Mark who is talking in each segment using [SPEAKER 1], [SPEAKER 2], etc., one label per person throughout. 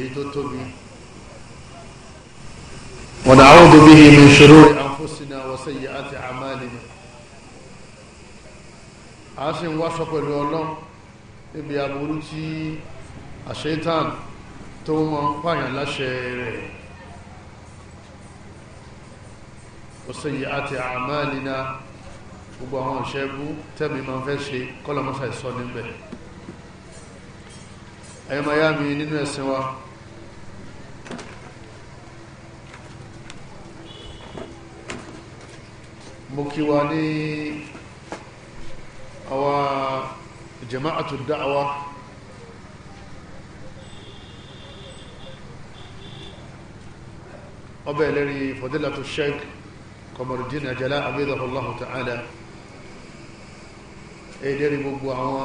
[SPEAKER 1] èyí tó tóbi wa na'udhu bihi min shururi anfusina wa sayyi'ati a'malina a sì ń wáṣọ pẹ̀lú ọlọ́run níbi aburú tí àṣetán tó máa ń pààyàn láṣẹ rẹ̀ wa sayyi'ati a'malina gbogbo àwọn ìṣẹ́gbú tẹ́mi máa ń fẹ́ ṣe kọ́lọ́mọ́sà ìsọ níbẹ̀ ẹ̀yọ́ miami nínú ẹ̀sìn wa mo kí wa ní àwa jama'atu da'wa ọbẹ̀ ìlérí fadilatu sheikh Qamaruddin Ajala abidahullahu ta'ala èdèrí gbogbo àwọn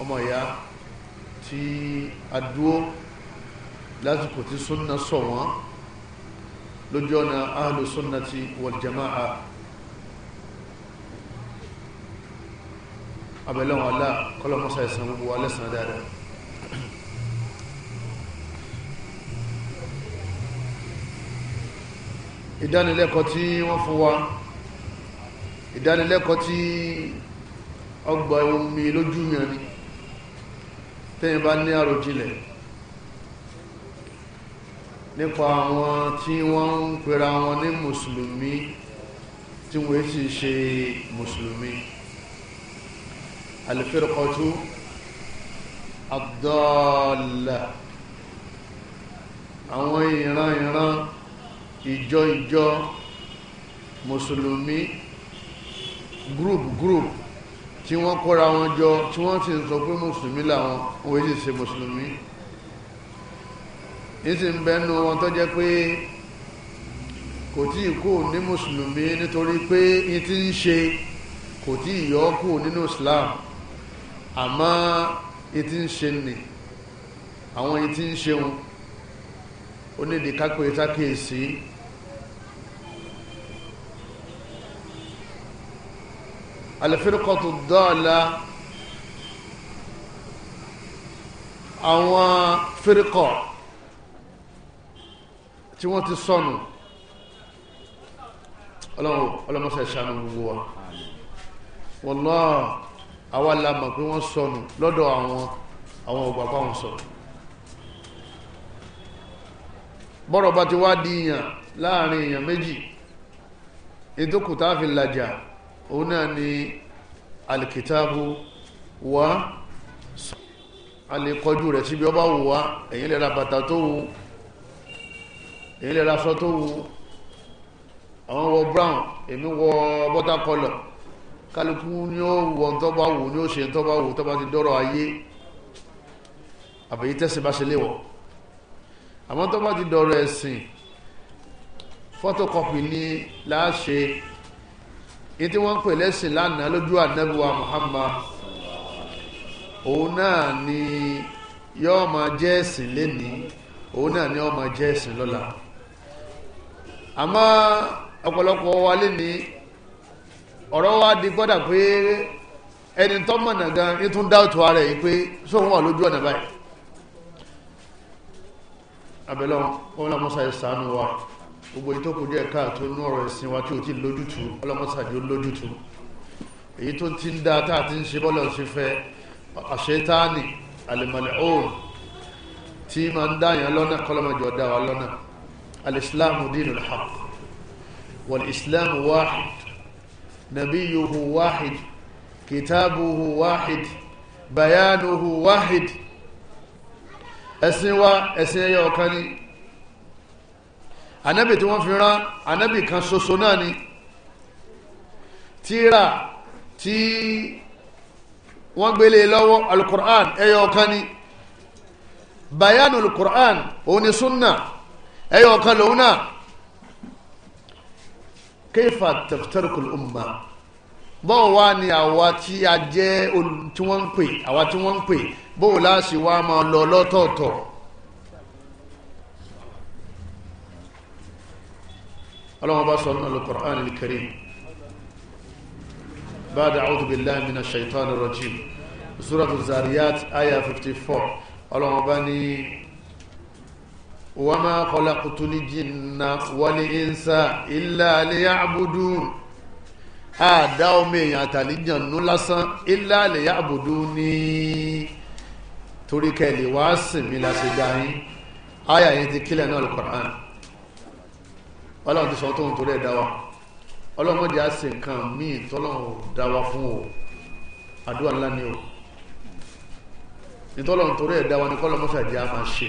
[SPEAKER 1] ọmọ ìyá tí a dúó lásìkò tí súnna sọ wọn lójú ọ̀nà ahlu sunnati wal jama'a abẹ́lẹ́wọ̀n ọlá kọlọmọ́sá ìsan gbogbo wa lẹ́san dáadáa ìdánilẹ́kọ̀ọ́ tí wọ́n fún wa ìdánilẹ́kọ̀ọ́ tí ọgbà omi lójú mìíràn ni tẹ́yìn bá ní àròjinlẹ̀ nípa àwọn tí wọ́n ń pera wọn ní mùsùlùmí tí wọ́n sì ṣe mùsùlùmí alifirikọtu adọ́ọ̀là àwọn ìran ìran ìjọ ìjọ mùsùlùmí group group tí wọ́n kóra wọn jọ tí wọ́n sì ń sọ pé mùsùlùmí làwọn wọ́n sì ṣe mùsùlùmí nísì ń bẹnu wọn tó jẹ́ pé kò tí ì kú ní mùsùlùmí nítorí pé ní ń ṣe kò tí ì yọ kú nínú Islam. No àmọ́ etí ń ṣe nì àwọn etí ń ṣeun ó ní ìdíkákò ìtàkìyèsí alifirikọtù dọ́ọ̀la àwọn firikọ tí wọ́n ti sọnù ọlọ́run ọlọ́mọṣẹ́ ṣàánú gbogbo wa wọ́n lọ́ọ̀ àwa la mọ̀ pé wọ́n sọnù lọ́dọ̀ àwọn àwọn ògbà fáwọn sọ̀rọ̀ bọ́rọ̀ bá ti wá di èèyàn láàrin èèyàn méjì ètò kù tá a fi làjà òun náà ni alìkìtàbù wá alìkọjú rẹ̀ síbi ọba wù wá èyí lè ra bàtà tó wù èyí lè ra aṣọ tó wù àwọn wọ brown èmi wọ butter color kálukú ni ó wọ tọ́ba wò ni ó ṣe tọ́ba wò tọ́ba ti dọ́rọ̀ ayé àbẹ̀yí tẹ́sí bá ṣe léwọ̀ àmọ́ tọ́ba ti dọ́rọ̀ ẹ̀sìn fọ́tọ̀kọ́pì ni láṣẹ èyí tí wọ́n ń pè lẹ́sìn lánàá lójú ànábùwà Muhammad òun náà ni yọ́ọ́ máa jẹ́ ẹ̀sìn lénìí òun náà ni yọ́ọ́ máa jẹ́ ẹ̀sìn lọ́la àmọ́ ọ̀pọ̀lọpọ̀ wa lénìí ọ̀rọ̀ wa di gbọ́dà pé ẹni tó mọ̀nà gan ní tún dáòtò ara yìí pé sóhun wà lójú ọ̀nà báyìí abẹ́lẹ́ wọn lọ́mọ́sá ìsànú wa gbogbo ìtókù díẹ̀ káàtó inú ọ̀rọ̀ ẹ̀sìn wa tí ò ti lójútu ọlọ́mọ́sá di lójútu èyí tó ti ń da tá a ti ń ṣe bọ́lọ̀ sí fẹ́ àṣetáàní àlèmọ̀lẹ̀ òun tí ma ń dáyàn lọ́nà kọlọ́mọjọ dá wa lọ́nà alìsílámù dínú lọ́hàp wọ̀lì ìsìlámù wáhìd نبيه واحد كتابه واحد بيانه واحد ẹ̀sìn wa ẹ̀sìn ẹyọ ọ̀kan ni ànábì tí wọ́n fi rán ànábì kan ṣoṣo náà ni tírà tí wọ́n gbélé e lọ́wọ́ alukur'an ẹyọ ọ̀kan ni bayanu alukur'an òun ni sunna ẹyọ ọ̀kan lòun náà kayfa taftarukul umma bọ́ọ̀ wá ni àwa tí a jẹ́ tí wọ́n ń pè àwa tí wọ́n ń pè bóò láṣì wá máa lọ lọ́tọ̀ọ̀tọ̀ ọlọ́wọ́n bá sọ nínú al-Qur'an al-Karim ba'da a'udhu billahi minash shaitanir rajim suratu zariyat aya 54 ọlọ́wọ́n bá ní wa ma khalaqtul jinna wal insa illa liya'budun àdá omi èèyàn àtàlíjànú lásán ilá lè yá àbòdó ní torí kẹlẹ̀ wá sìn mí láti dá yín áyà yẹn ti kílẹ̀ náà lùkọ̀rán ọlọ́run ti sọ tó ń torí ẹ̀ dá wa ọlọ́run jẹ́ àṣẹ nǹkan míì tọ́lọ́run dá wa fún o àdúrà ńlá ni o nítọ́lọ́run torí ẹ̀ dá wa ní kọ́lọ́mọ́sà jẹ́ àmà ṣe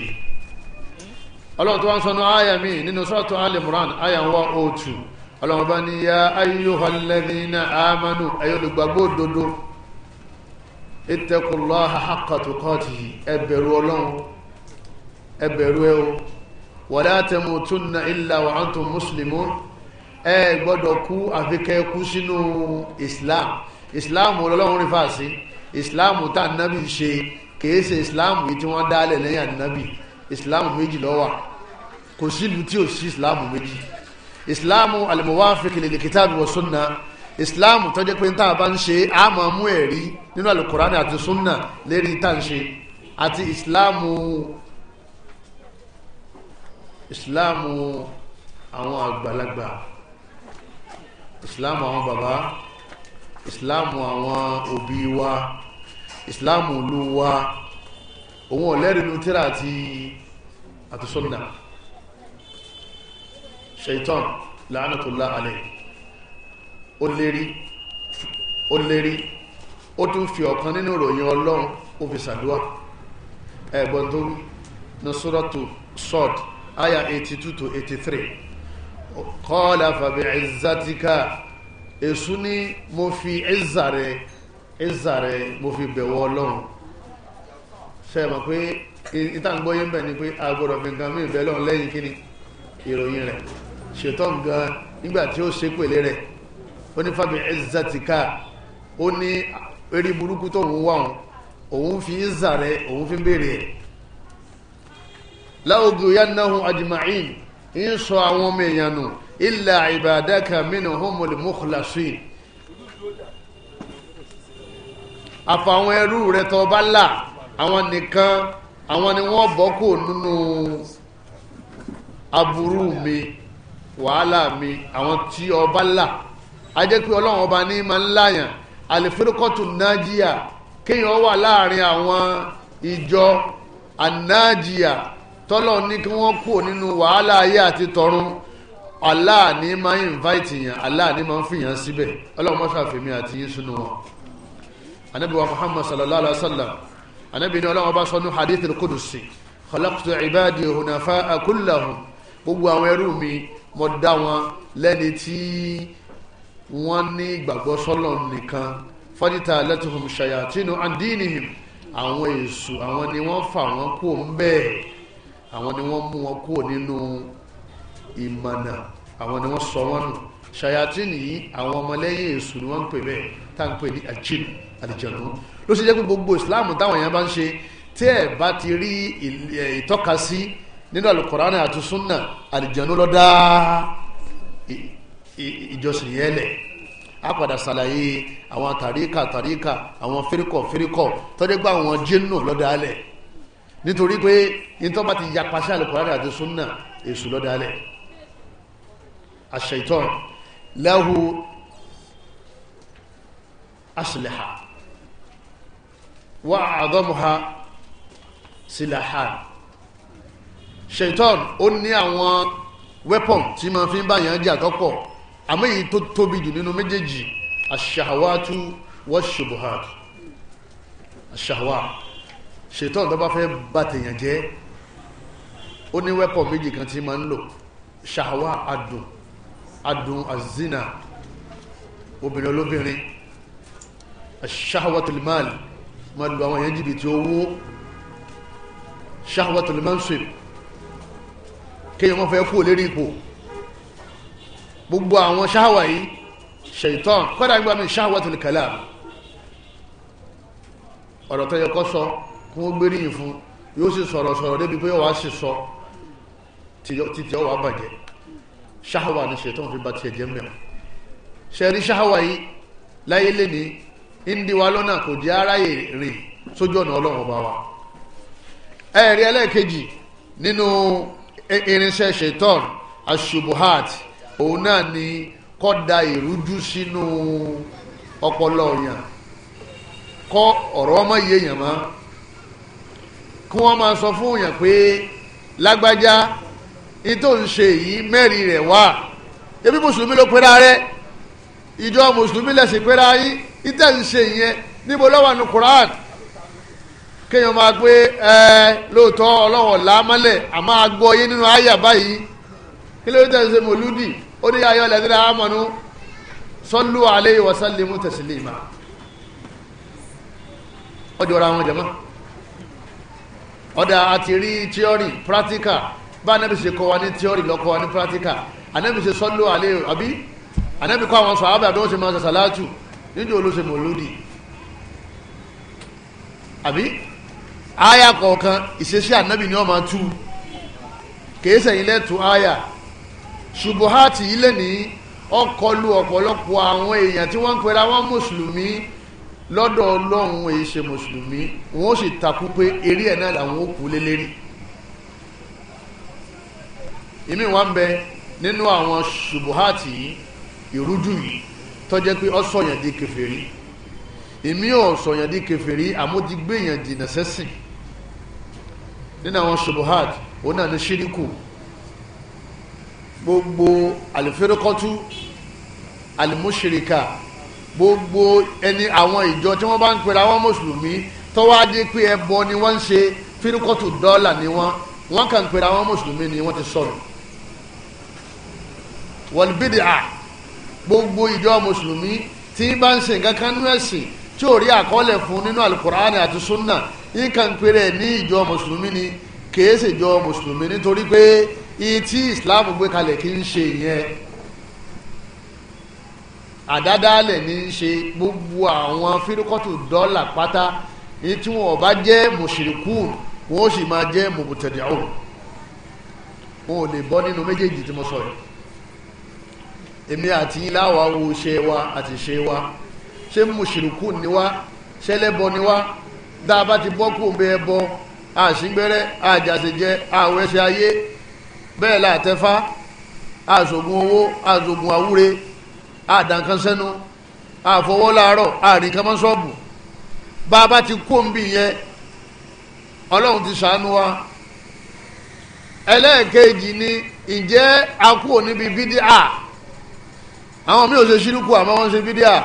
[SPEAKER 1] ọlọ́run tó wá ń sọnù áyà míì nínú sọ́ọ̀tún Al Imran ń wá òòtù ọlọ́run bá ní ya ayyuhal ladhina amanu ẹ̀yọ́ olùgbàgbọ́ òdodo ittaqullaha haqqa tuqatihi ẹ bẹ̀rù ọlọ́run ẹ bẹ̀rù ẹ o wala tamutunna illa wa antum muslimun ẹ gbọ́dọ̀ kú àfikẹ́ kú sínú islam islam ọlọ́run rí fàásí islam tá nábì ṣe kìí ṣe islam yìí tí wọ́n dálẹ̀ lẹ́yìn ànábì islam méjì ló wà kò sílùú tí ò sí islam méjì islamu alimuwaafiki lili kitabi wa sunna islamu tó jẹ́ pé ń tàbá ń ṣe a máa mú ẹ̀rí nínú alukurani àti sunna lérí tá ń ṣe àti islamu islamu àwọn àgbàlagbà islamu àwọn bàbá islamu àwọn òbí wa islamu ìlú wa òun ọ̀lẹ́rìnú tíra àti àti sunna shaitan la'anatullah alayhi ó lérí ó lérí ó tún fi ọ̀kan nínú ìròyìn ọlọ́run ó fi sàdúwà ẹ̀gbọ́n tó wí ní suratu aya 82 to 83 qala fabi'izzatika èṣù ní mo fi ẹ̀zà rẹ̀ ẹ̀zà rẹ̀ mo fi bẹ̀wọ̀ ọlọ́run ṣe mọ̀ pé ìtàǹgbọ́yé ń bẹ̀ ni pé agbọ́dọ̀ fi nǹkan mí ìbẹ̀lọ́run lẹ́yìn kíni ìròyìn rẹ̀ ṣètọ́n gan nígbà tí ó ṣe pèlé rẹ̀ ó ní fàbí ẹ̀zàtìká ó ní eré burúkú tó ń wà òun fi ìzà rẹ̀ òun fi béèrè ẹ̀ láògùn yánnahum ajma'in ń sọ àwọn ọmọ èèyàn nù illa ibadaka minhumul mukhlasin àfàwọn ẹrú rẹ̀ tó bá là àwọn nìkan àwọn ni wọ́n bọ́ kò nínú aburú mi wàhálà mi àwọn tí ọba là á jẹ́ pé ọlọ́run ọba ní máa ń láyàn àlèfẹ́rẹ́kọ́tù nájíà kéèyàn wà láàrin àwọn ìjọ ànájíà tọ́lọ̀ ní kí wọ́n kú nínú wàhálà ayé àti tọ̀run Allah ní máa ń invite yàn Allah ní máa ń fìyàn síbẹ̀ ọlọ́run mọ́ṣá fèmí àti yín sínú wọn. anabi wa muhammad sallallahu alaihi wa sallam anabi ní ọlọ́run ọba sọ ní hadith al-qudusi ibadi hunafa kullahum gbogbo àwọn ẹrú mi mo dá wọn lẹ́ni tí wọ́n ní ìgbàgbọ́ sọ́lọ̀ nìkan fọ́dítà lẹ́tùhùn ṣayàtínú àdínìhìm àwọn èṣù àwọn ni wọ́n fà wọ́n kú ń bẹ́ẹ̀ àwọn ni wọ́n mú wọn kú nínú ìmọ̀nà àwọn ni wọ́n sọ wọ́n nù ṣayàtínì yìí àwọn ọmọlẹ́yìn èṣù ni wọ́n ń pè bẹ́ẹ̀ tá à ń pè ní àjìn àlìjẹ̀nu ló ṣe jẹ́ pé gbogbo ìsìláàmù táwọn èèyàn bá ń ṣe tí ẹ̀ bá ti rí ìtọ́kasí nínú alukurani àti sunna àlìjẹ̀nu lọ́dá ìjọsìn yẹn lẹ̀ á padà ṣàlàyé àwọn tàríkà tàríkà àwọn fíríkọ̀ fíríkọ̀ tọ́dẹ́gbà àwọn jẹ́nu lọ́dá lẹ̀ nítorí pé nítorí bá ti yapa sí alukurani àti sunna èṣù lọ́dá lẹ̀ àṣetán lahu asliha wa àdọ́muha silahan shaitan ó ní àwọn weapon tí ma fi ń bá yàn jà tọ́pọ̀ àmọ́ èyí tó tóbi jù nínú méjèèjì aṣahawatu wa ṣubuhat aṣahawa shaitan tó bá fẹ́ bá tèèyàn jẹ́ ó ní weapon méjì kan tí ma ń lò ṣahawa adùn adùn azina obìnrin olóbìnrin aṣahawatu limaali ma lu àwọn yẹn jìbìtì owó ṣahawatul mansib kéèyàn mọ́ fẹ́ kú lérí ipò gbogbo àwọn ṣáwà yìí ṣètàn kọ́dà nígbà mi ṣáwà tó lè kẹlẹ́ àmì ọ̀rọ̀ tó yẹ kó sọ kí wọ́n gbé níyìn fún yóò sì sọ̀rọ̀ sọ̀rọ̀ débi pé wàá sì sọ títí ọwà bàjẹ́ ṣáwà ni ṣètàn fi ba tiẹ̀ jẹ́ mẹ́wàá ṣe rí ṣáwà yìí láyé lẹ́ni ìdí wa lọ́nà kò jẹ́ aráyè rìn sójú ọ̀nà ọlọ́run ọba wa ẹ̀rí ẹlẹ́ẹ̀kejì nínú irinṣẹ́ ṣetán asubuhat òun náà ni kọ́ da ìrújú sínú ọpọlọ yàn kọ́ ọ̀rọ̀ ọmọ yìí èèyàn mọ́ kí wọ́n máa sọ fún yàn pé lágbájá ètò ń ṣe yìí mẹ́rin rẹ̀ wá ebi mùsùlùmí ló pera rẹ̀ ìjọ mùsùlùmí lẹ̀sìn pera yín ìtẹ̀ ń ṣe yẹn níbo ló ní Quran kéèyàn máa gbé ẹ lóòótọ́ ọlọ́wọ̀n lámọ́lẹ̀ àmọ́ agbó ọyé nínú àyà báyìí kí ló dé ṣe mòlúdì ó ní ayọ́ lẹ́dínlẹ́ àmọ́nú sọ́lú alẹ́ ìwọ̀sánlẹ́mú tẹ̀sílẹ̀ ìmá ọjọ́ ra wọn jẹ̀mọ́ ọ̀dà àti rí tíọ́rì pírátíkà bá anábì ṣe kọ́ wa ní tíọ́rì lọ́kọ́ wa ní pírátíkà anábì ṣe sọ́lú alẹ́ àbí anábì kọ́ àwọn sọ̀hábà bí aya kọ̀ọ̀kan ìṣesí ànábì ni wọ́n máa tú kìí sẹ̀yìn lẹ́tù aya ṣubuhati ilé ní ọkọlù ọ̀pọ̀lọpọ̀ àwọn èèyàn tí wọ́n ń pera wọn mùsùlùmí lọ́dọ̀ ọlọ́run èyí ṣe mùsùlùmí wọn ó sì takú pé eré ẹ̀ náà làwọn ó kú lélẹ́rìí ìmí wọn bẹ nínú àwọn ṣubuhati ìrújú yìí tọ́jẹ́ pé ó sọ̀yàn di kèfèrí èmi ò sọ̀yàn di kèfèrí àmọ́ yàn jìnnà sẹ́sìn nínú àwọn subuhat òun náà ní ṣíríkù gbogbo àlùfẹ́rẹ́kọ́tú àlùmúṣìríkà gbogbo ẹni àwọn ìjọ tí wọ́n bá ń pera wọn mùsùlùmí tọ́wọ́ adé pé ẹbọ ni wọ́n ń ṣe fẹ́rẹ́kọ́tù dọ́là ni wọ́n wọ́n kàn pera wọn mùsùlùmí ni wọ́n ti sọ̀rọ̀ wọlbídìá gbogbo ìjọ mùsùlùmí tí bá ń ṣe nǹkan kan nínú ẹ̀sìn tí ò rí àkọọ́lẹ̀ fún nínú alukur'ani àti sunna ìkàn péré ní ìjọ mùsùlùmí ni kìí ṣèjọ mùsùlùmí nítorí pé iye tí islam gbé kalẹ̀ kì í ṣe ìyẹn àdádálẹ̀ ní í ṣe gbogbo àwọn fírikọ́tù dọ́là pátá èyí tí wọn bá jẹ́ mùṣírikù wọn ó sì máa jẹ́ mùbùtẹ̀dẹ̀ọ́ wọn ò lè bọ́ nínú méjèèjì tí mo sọ yìí èmi àti yín láwa wo ṣe wa àti ṣe wa ṣé mùṣírikù ni wá ṣẹlẹ́bọ ni wá tá a bá ti bọ́ kó ń bẹ ẹbọ àṣìgbẹ́rẹ́ àjàṣejẹ àwẹ̀ṣẹ̀ ayé bẹ́ẹ̀ láàtẹ́fá àṣògùn owó àṣògùn àwúre àdànkansẹ́nu àfọwọ́ láàárọ̀ àrìnkámọ́sọ́ọ̀bù a bá ti kó ń bì yẹn ọlọ́run ti ṣàánú wa ẹlẹ́ẹ̀kejì ni ǹjẹ́ a kúrò níbi bídíà àwọn mi ò ṣe ṣírúkú àmọ́ wọ́n ṣe bídíà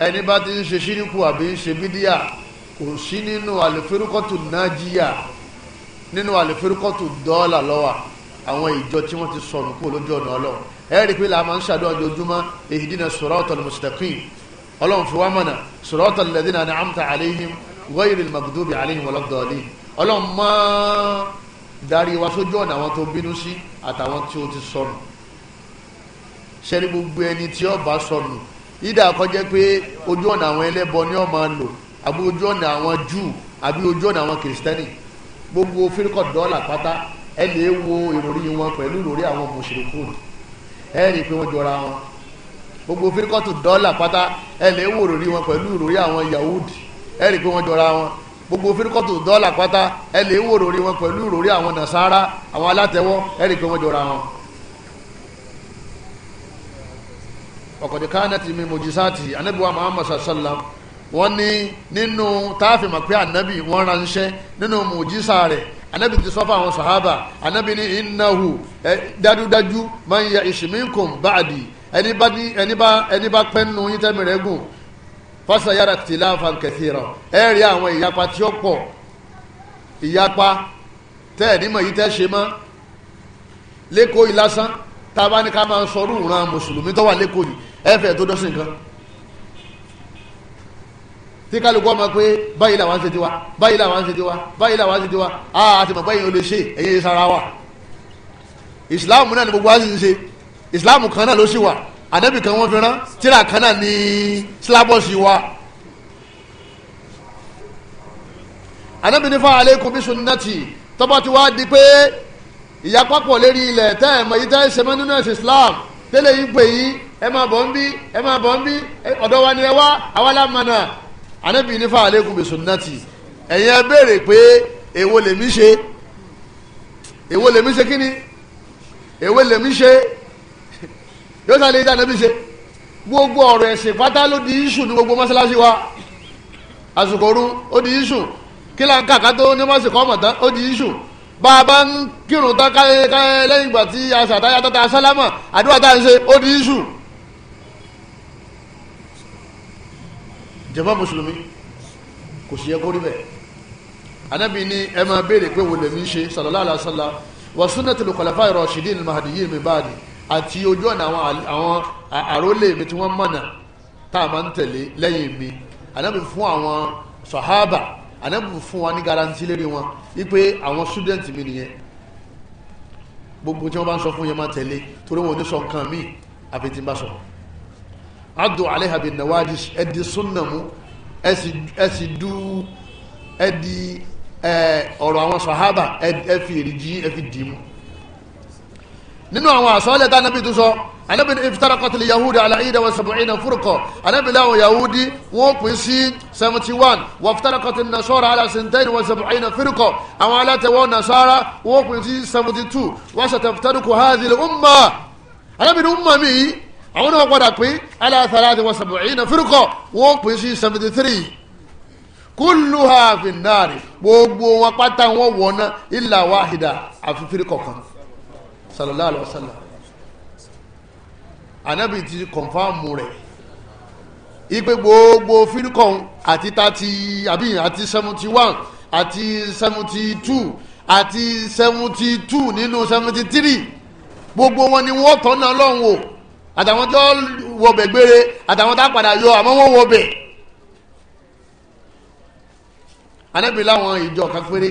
[SPEAKER 1] ẹni bá ti ń ṣe ṣíríkù àbí ń ṣe bídíà kò sí nínú àlèférúkọ́tù nájíyà nínú àlèférúkọ́tù dọ́là lọ́wà àwọn ìjọ tí wọ́n ti sọnù kúrò lójú ọ̀nà ọlọ́run ẹ̀rí pé làá máa ń ṣàdúrà ojoojúmọ́ ihdina siratal mustaqim ọlọ́run fi wá mọ̀nà siratal ladhina an'amta alayhim ghayril maghdubi alayhim waladdallin ọlọ́run máa darí wa sójú ọ̀nà àwọn tó bínú sí àtàwọn tí ó ti sọnù ṣẹ́ni gbogbo ẹni tí ó sọnù ìdá kọjá pé ojú ọ̀nà àwọn ẹlẹ́bọ ni wọ́n máa lò àbí ojú ọ̀nà àwọn Júù àbí ojú ọ̀nà àwọn kìrìsìtẹ́nì gbogbo fírikọ̀ dọ́là pátá ẹ lè wo ìròrí wọn pẹ̀lú ìròrí àwọn mùsùlùkùn ẹ rí i pé wọ́n jọra wọn gbogbo fírikọ̀ tó dọ́là pátá ẹ lè wo ìròrí wọn pẹ̀lú ìròrí àwọn Yahudi ẹ rí i pé wọ́n jọra wọn gbogbo fírikọ̀ tó dọ́là pátá ẹ lè wo ìròrí wọn pẹ̀lú ìròrí àwọn Nasara àwọn alátẹ̀wọ́ ẹ rí i pé wọ́n jọra wọn. ọ̀kọ̀dé kánẹ́tì mi mojisati anabi wa muhammad sallam wọ́n ní nínú táàfin mọ̀ pé anabi wọ́n ránṣẹ́ nínú mojisa rẹ̀ anabi ti sọ fún àwọn sahaba anabi ní innahu ẹ dájúdájú man ya ishminkum ba'di ẹni bá ẹni bá ẹni bá pẹ́nu yín tẹ́mi rẹ̀ gùn fásitì yàrá tìlá fankẹ̀sìrọ̀ ẹ rí àwọn ìyapa tí ó pọ̀ ìyapa tẹ́ ẹ̀ nímọ̀ yìí tẹ́ ṣe mọ́ lẹ́kọ̀ọ́ ìlàsán tá a bá ní ká máa sọ ọdún ẹ̀fẹ̀ tó dọ́sìn nǹkan tí kálukú ọmọ pé báyìí làwọn ń ṣe tiwa báyìí làwọn ń ṣe tiwa báyìí làwọn ń ṣe tiwa a ti mọ̀ báyìí o lè ṣe ẹ̀yẹ sara wa ìsìláàmù náà ni gbogbo wa sì ń ṣe ìsìláàmù kan náà ló sì wà ànábì kan wọ́n fi rán tíra kan náà ní sílábọ̀sì wa ànábì ní fa alaykum bi sunnati tọ́ba ti wá di pé ìyapapọ̀ lérí ilẹ̀ tẹ́ ẹ̀ mọ̀ yìí tẹ́ ẹ̀ ṣe mọ́ nínú ẹ̀sìn ẹ máa bọ̀ ń bí ẹ máa bọ̀ ń bí ọ̀dọ̀ wa ni ẹ wá àwa la mọ̀nà ànábì ní fáwọn alẹ́kùn bí sunnati ẹ̀yin ẹ béèrè pé èwo lèmi ṣe èwo lèmi ṣe kíni èwo lèmi ṣe yóò sáré ìdá ànábì ṣe gbogbo ọ̀rọ̀ ẹ̀sìn pátá ló di iṣu ní gbogbo mọ́ṣáláṣí wa àsìkò ooru ó di iṣu kí là ń kàkà tó ní mọ́sìkò ọmọ tán ó di iṣu bá a bá ń kírun tán káyẹ káyẹ lẹ́yìn ìgbà tí a tó ta sálámà àdúrà tá à ń ṣe ó di iṣu jàmá mùsùlùmí kò sí ẹkọ rí bẹ́ẹ̀ anábì ní ẹ máa béèrè pé wo lèmi ń ṣe sallallahu alaihi wasallam wa sunnatul khulafa'ir rashidin al-mahdiyyin min ba'di àti ojú ọ̀nà àwọn àrólé mi tí wọ́n mọ̀nà tá a máa ń tẹ̀lé lẹ́yìn mi anábì fún àwọn sàhábà anábì fún wa ní garanti lérí wọn wípé àwọn student mi nìyẹn gbogbo tí wọ́n bá ń sọ fún yẹn máa tẹ̀lé torí wọn ò ní sọ nǹkan míì àfi tí ń bá sọ̀rọ̀ adu aleha bi nawadis ẹdi sunna mu ẹsi du ẹdi ọ̀rọ̀ àwọn sahaba ẹfi èrìjì ẹfi dì mu nínú àwọn àsọ́lẹ̀ tá anábì tó sọ anábì ní iftarakọtìlì yahudi aláìdá wọn sọ̀bọ̀ ìnà fúrukọ anábì láwọn yahudi wọn pín sí seventy one wọn iftarakọtìlì nasọ́ra alásìntẹ́ni wọn sọ̀bọ̀ ìnà fúrukọ àwọn alátẹ̀wọ́ nasara wọn pín sí seventy two wọn sọ̀tẹ̀ fitarukọ hazil umma anábì ní umma mi àwọn náà padà pín aláàtàlá àti wasabu ìyìnà fírkọ wọn pín sí seventy three kúlù ha fi náàrí gbogbo wọn pátá wọn wọná ilà wáhìdá àfi fírkọ kan sallallahu alaihi wasallam anabi ti kọnfàmù rẹ ipe gbogbo fírkọ àti thirty àbí àti seventy one àti seventy two àti seventy two nínú seventy three gbogbo wọn ni wọn tọ́nà lọ́hùn o àtàwọn tó wọbẹ̀ gbére àtàwọn tá padà yọ àmọ́ wọ́n wọbẹ̀ anábì láwọn ìjọ kan péré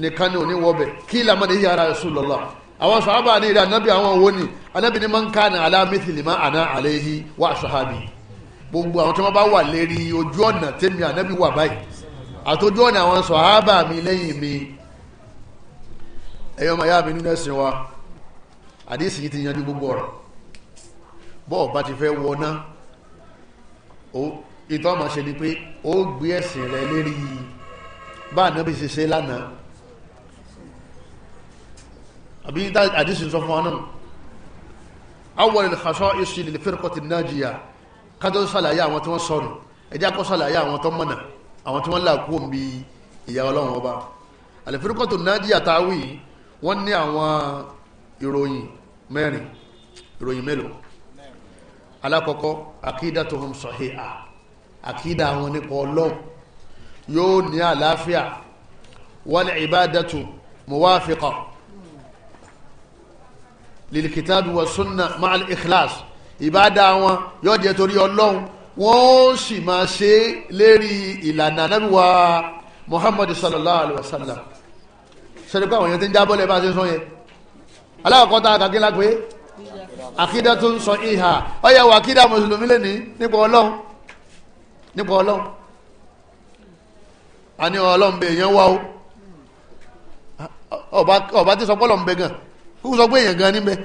[SPEAKER 1] nìkan ni òní wọbẹ̀ kí lamọ́dé yìí ara ẹ̀sùn lọ́lọ́ àwọn sàábà ní ìrẹ́ anábì àwọn owó ni anábì ní máa ń ká ní alámísìlì má àná àléhi wà sàhábì gbogbo àwọn tí wọ́n bá wà lérí ojú ọ̀nà tẹ́mi anábì wà báyìí àtòjú ọ̀nà àwọn sàábà mi lẹ́yìn mi ẹ̀yọ́ màyá mi nínú ẹ̀sìn wa àdéhìsì yìí ti yanjú gbogbo ọ̀rọ̀ bọ́ọ̀ bá ti fẹ́ wọná ìtọ́ ma ṣe ni pé ó gbé ẹ̀sìn rẹ lérí bá ànábì ṣe ṣe lánàá àbí àdísìn sọ fún ọ náà awwal al-khasa'is lil-firqati an-najiya kájọ́ ṣàlàyé àwọn tí wọ́n sọnù ẹjẹ́ akọ́ ṣàlàyé àwọn tó mọ̀nà àwọn tí wọ́n là kú òun bí ìyá ọlọ́run ọba al-firqatu an-najiya táwì wọ́n ní àwọn ìròyìn mẹ́rin ìròyìn mélòó alákọ̀ọ́kọ́ akidatuhum sahiha akida wọn nípa ọlọ́run yóò ní àlàáfíà wal ibadatu muwafiqa lilkitabi wa sunna ma'al ikhlas ìbádà wọn yóò jẹ́ torí ọlọ́run wọ́n sì máa ṣe lérí ìlànà Ànábì wa Muhammad sallallahu alaihi wasallam sẹ́dẹ̀kọ́ àwọn èèyàn ti ń jábọ́lẹ̀ bá ṣe sọ yẹn alákọ̀ọ́kọ́ tá a kàkí lápẹ́ àkídá tó ń sọ ìhà ọyẹ wà àkídá mùsùlùmí lè ní nípa ọlọ́run nípa ọlọ́run a ní ọlọ́run bẹ èèyàn wá o ọba tí sọ pé ọlọ́run bẹ gan kúkú sọ pé èèyàn gan níbẹ̀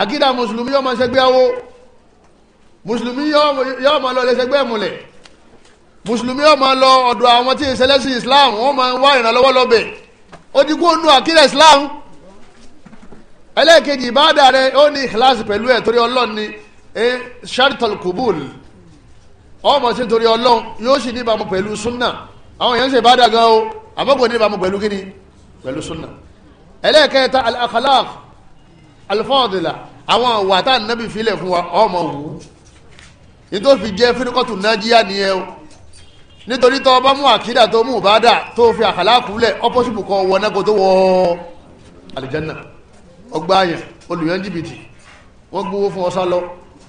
[SPEAKER 1] àkídá mùsùlùmí yọ máa ṣẹgbẹ́ awo mùsùlùmí yọ máa lọ lè ṣẹgbẹ́ múlẹ̀ mùsùlùmí yọ máa lọ ọ̀dọ̀ àwọn tí ìṣẹlẹ̀ sí Islam wọ́n máa ń wá ìrànlọ́wọ́ lọ́bẹ̀ ó ti kú ònú àkídá Islam ẹlẹ́ẹ̀kejì ìbáàdà rẹ ó ní ìkíláàsì pẹ̀lú ẹ̀ torí ọlọ́run ni shartal kubul ọmọ sí torí ọlọ́run yóò sì ní ìbámu pẹ̀lú súnà àwọn èèyàn ń ṣe ìbáàdà gan o àbọ̀kò ní ìbámu pẹ̀lú kíni pẹ̀lú súnà ẹlẹ́ẹ̀kẹta al-akhlaq al-fadila àwọn àwà tá à ń nábì filẹ̀ fún wa ọmọ wù ú nítorí fi jẹ́ fírikọ́tù nájíyá nìyẹn o nítorí tó ọba mú àkídà tó mú ìbáàdà tó fi àkàlà kúlẹ̀ ọ́pọ́sìpù kan wọ náà kó tó wọ àlìjánná ọgbà àyàn olùyàn jìbìtì wọ́n gbówó fún ọsá lọ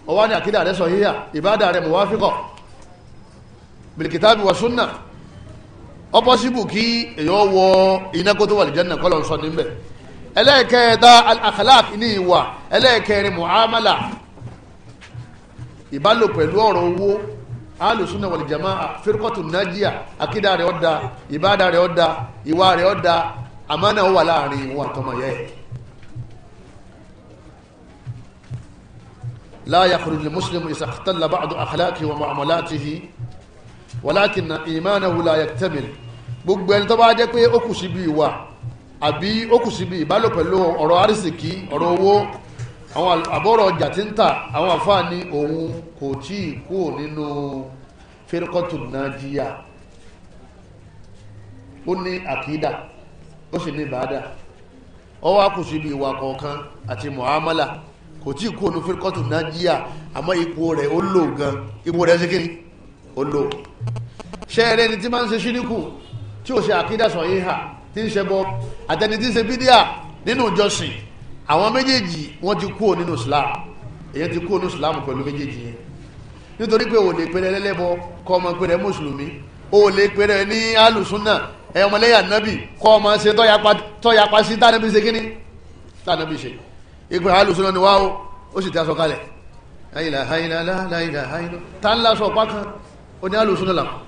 [SPEAKER 1] ọwá ní àkídà rẹ̀ sọ yíyà ìbádà rẹ̀ mọ̀wáfíkọ̀ bìlìkìtàbí wà súnà ọpọ́síbù kí èyàn wọ iná kó tó wà lìjẹ́ nàkọ́lọ̀ sọ níbẹ̀ ẹlẹ́ẹ̀kẹta al-akhlaq ní ìwà ẹlẹ́ẹ̀kẹrin mu'amala ìbálò pẹ̀lú ọ̀rọ̀ owó alùsùnà wal jamaa firqatu najia àkídà rẹ̀ ọ̀dà ìbádà rẹ̀ ọ̀dà ìwà rẹ̀ ọ̀dà àmánà wà láàrin ìwà àtọmọ̀yẹ́ لا يخرج المسلم إذا اختل بعض أخلاقه ومعاملاته ولكن إيمانه لا يكتمل gbogbo ẹni tó bá jẹ́ pé ó kù síbi ìwà àbí ó kù síbi ìbálò pẹ̀lú ọ̀rọ̀ àrísìkí ọ̀rọ̀ owó àwọn àbọ̀rọ̀ ọjà tí ń tà àwọn àfáàní òun kò tí ì kúrò nínú fẹ́rẹ́kọ́tù nàìjíríà ó ní àkídà ó sì ní ìbádà ó wá kù síbi ìwà kọ̀ọ̀kan àti muamala kò tí kú ònú fírkọ́tù nájíà àmọ́ ipò rẹ̀ ó lò gan ipò rẹ̀ síkiri ó lò ṣe eré ni tí máa ń ṣe ṣíníkù tí ò ṣe àkídàsọ̀ yìí hà tí ń ṣe bọ àtẹni tí ń ṣe bídíà nínú ìjọsìn àwọn méjèèjì wọ́n ti kú nínú Islam èyí ti kú nínú Islam pẹ̀lú méjèèjì yẹn nítorí pé ò lè pèrè lẹ́lẹ́bọ kọ́ ọmọ pèrè mùsùlùmí ò lè ní alùsùnà ẹ̀ ọmọlẹ́yà nábì kọ́ ọmọ ṣe tọ́yapa sí tánàbí ṣe kíní tánàbí ṣe ìpín alùsùn náà ni wá ó sì ti aṣọ kalẹ̀ láìlà àìlà láìlà àìlà tá ń lásọ ọ̀pá kan ó ní alùsùn náà làkùn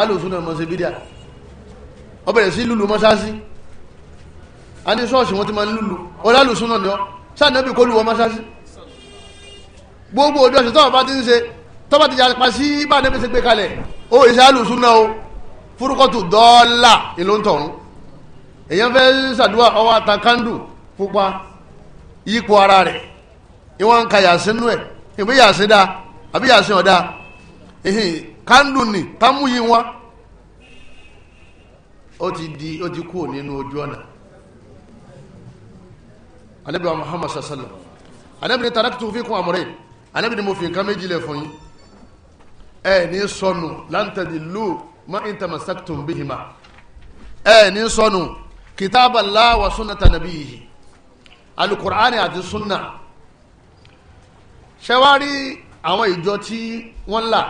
[SPEAKER 1] alùsùn náà mọ̀ sí bídíà ó bẹ̀rẹ̀ sí lùlù mọ́sáàsì a ní ṣọ́ọ̀ṣì wọn ti máa ń lùlù ó lálùsùn náà ni ọ sáà náà bí kó lù wọ mọ́sáàsì gbogbo ojú ọ̀sẹ̀ tọ́wọ́ bá ti ń ṣe tọ́ba ti jàpá sí bá a nẹ́bí ṣe gbé kalẹ̀ ó ìṣe alùsùn náà o fúrúkọ́tù dọ́ọ́là ìlú ń tọ̀run èyàn fẹ́ sàdúrà ọwọ́ ata pupa yípo ara rẹ̀ ìwọ́n ń ka yàsí nú ẹ̀ ìwé yàsí àbí yàsí ọ̀dá ni támú yìí wá ó ti di ó ti kúrò nínú ojú ọ̀nà anabi wa muhammad sassala anabi ni taraktu fi amure anabi ni mo fi nǹkan méjì fún yín ẹ ní sọnù láǹtẹ̀dì lù mọ́ bíhìmá ẹ kìtàbà láwà súnà tànàbí yìí alukur'ani àti súnà ṣẹwárí àwọn ìjọ tí wọ́n là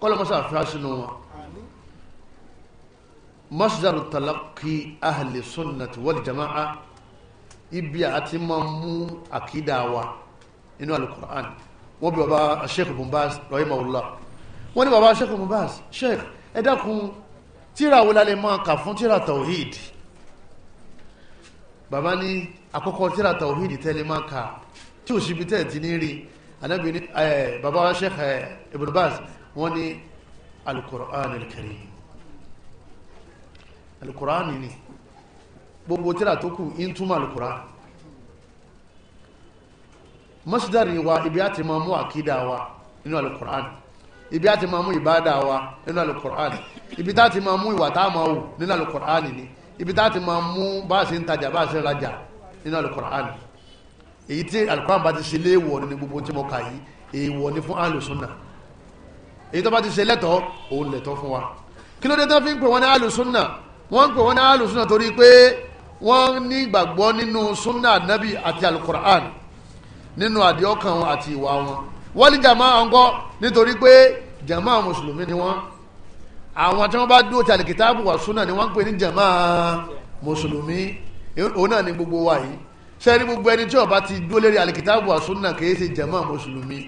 [SPEAKER 1] kọ́lọ́mọ́sá fẹ́ sínú wọn masdaru talaqi ahli sunnati wal jama'a ibi àti máa mú àkídà wa nínú alukur'ani wọ́n bí baba sheikh bumbaz rahimahullah wọ́n ní baba sheikh bumbaz sheikh ẹ dákun tíra wo la lè máa kà fún tíra tawhid bàbá ní àkọ́kọ́ tíra tàwíìdì tẹ́lẹ̀ máa kà tí ò síbi tẹ́ẹ̀ ti ní rí anábì ní bàbá wa Sheikh Ibn Baz wọ́n ní alukur'an al-karim alukur'an ni gbogbo tíra tó kù in túmọ̀ alukur'an masdari wa ibi a ti máa mú àkídà wa nínú alukur'an ibi a ti máa mú wa nínú alukur'an ibi tá ti máa mú ìwà tá a máa alukur'an ni ibi tá a ti máa mú bá a ṣe ń tajà bá a ṣe ń rajà nínú alukur'an èyí tí alukur'an bá ti ṣe léèwọ̀ ní gbogbo tí mo kà yìí èèwọ̀ ni fún alùsùnà èyí tó bá ti ṣe lẹ́tọ̀ọ́ òun lẹ́tọ̀ọ́ fún wa kí ló dé tó fi ń pè wọ́n ní alùsùnà wọ́n ń pè wọ́n ní alùsùnà torí pé wọ́n ní ìgbàgbọ́ nínú sunna nabi àti alukur'an nínú àdìọ́kàn wọn àti ìwà wọn wọ́n ní jàmáà ń kọ́ nítorí pé jàmáà wọ́n àwọn tí wọ́n bá dúró ti àlìkìtàbù wà súnà ni wọ́n ń pè ní jàmá mùsùlùmí òun náà ni gbogbo wa yìí sẹ́ni gbogbo ẹni tí ó bá ti dúró lérí àlìkìtàbù wà súnà kìí ṣe jàmá mùsùlùmí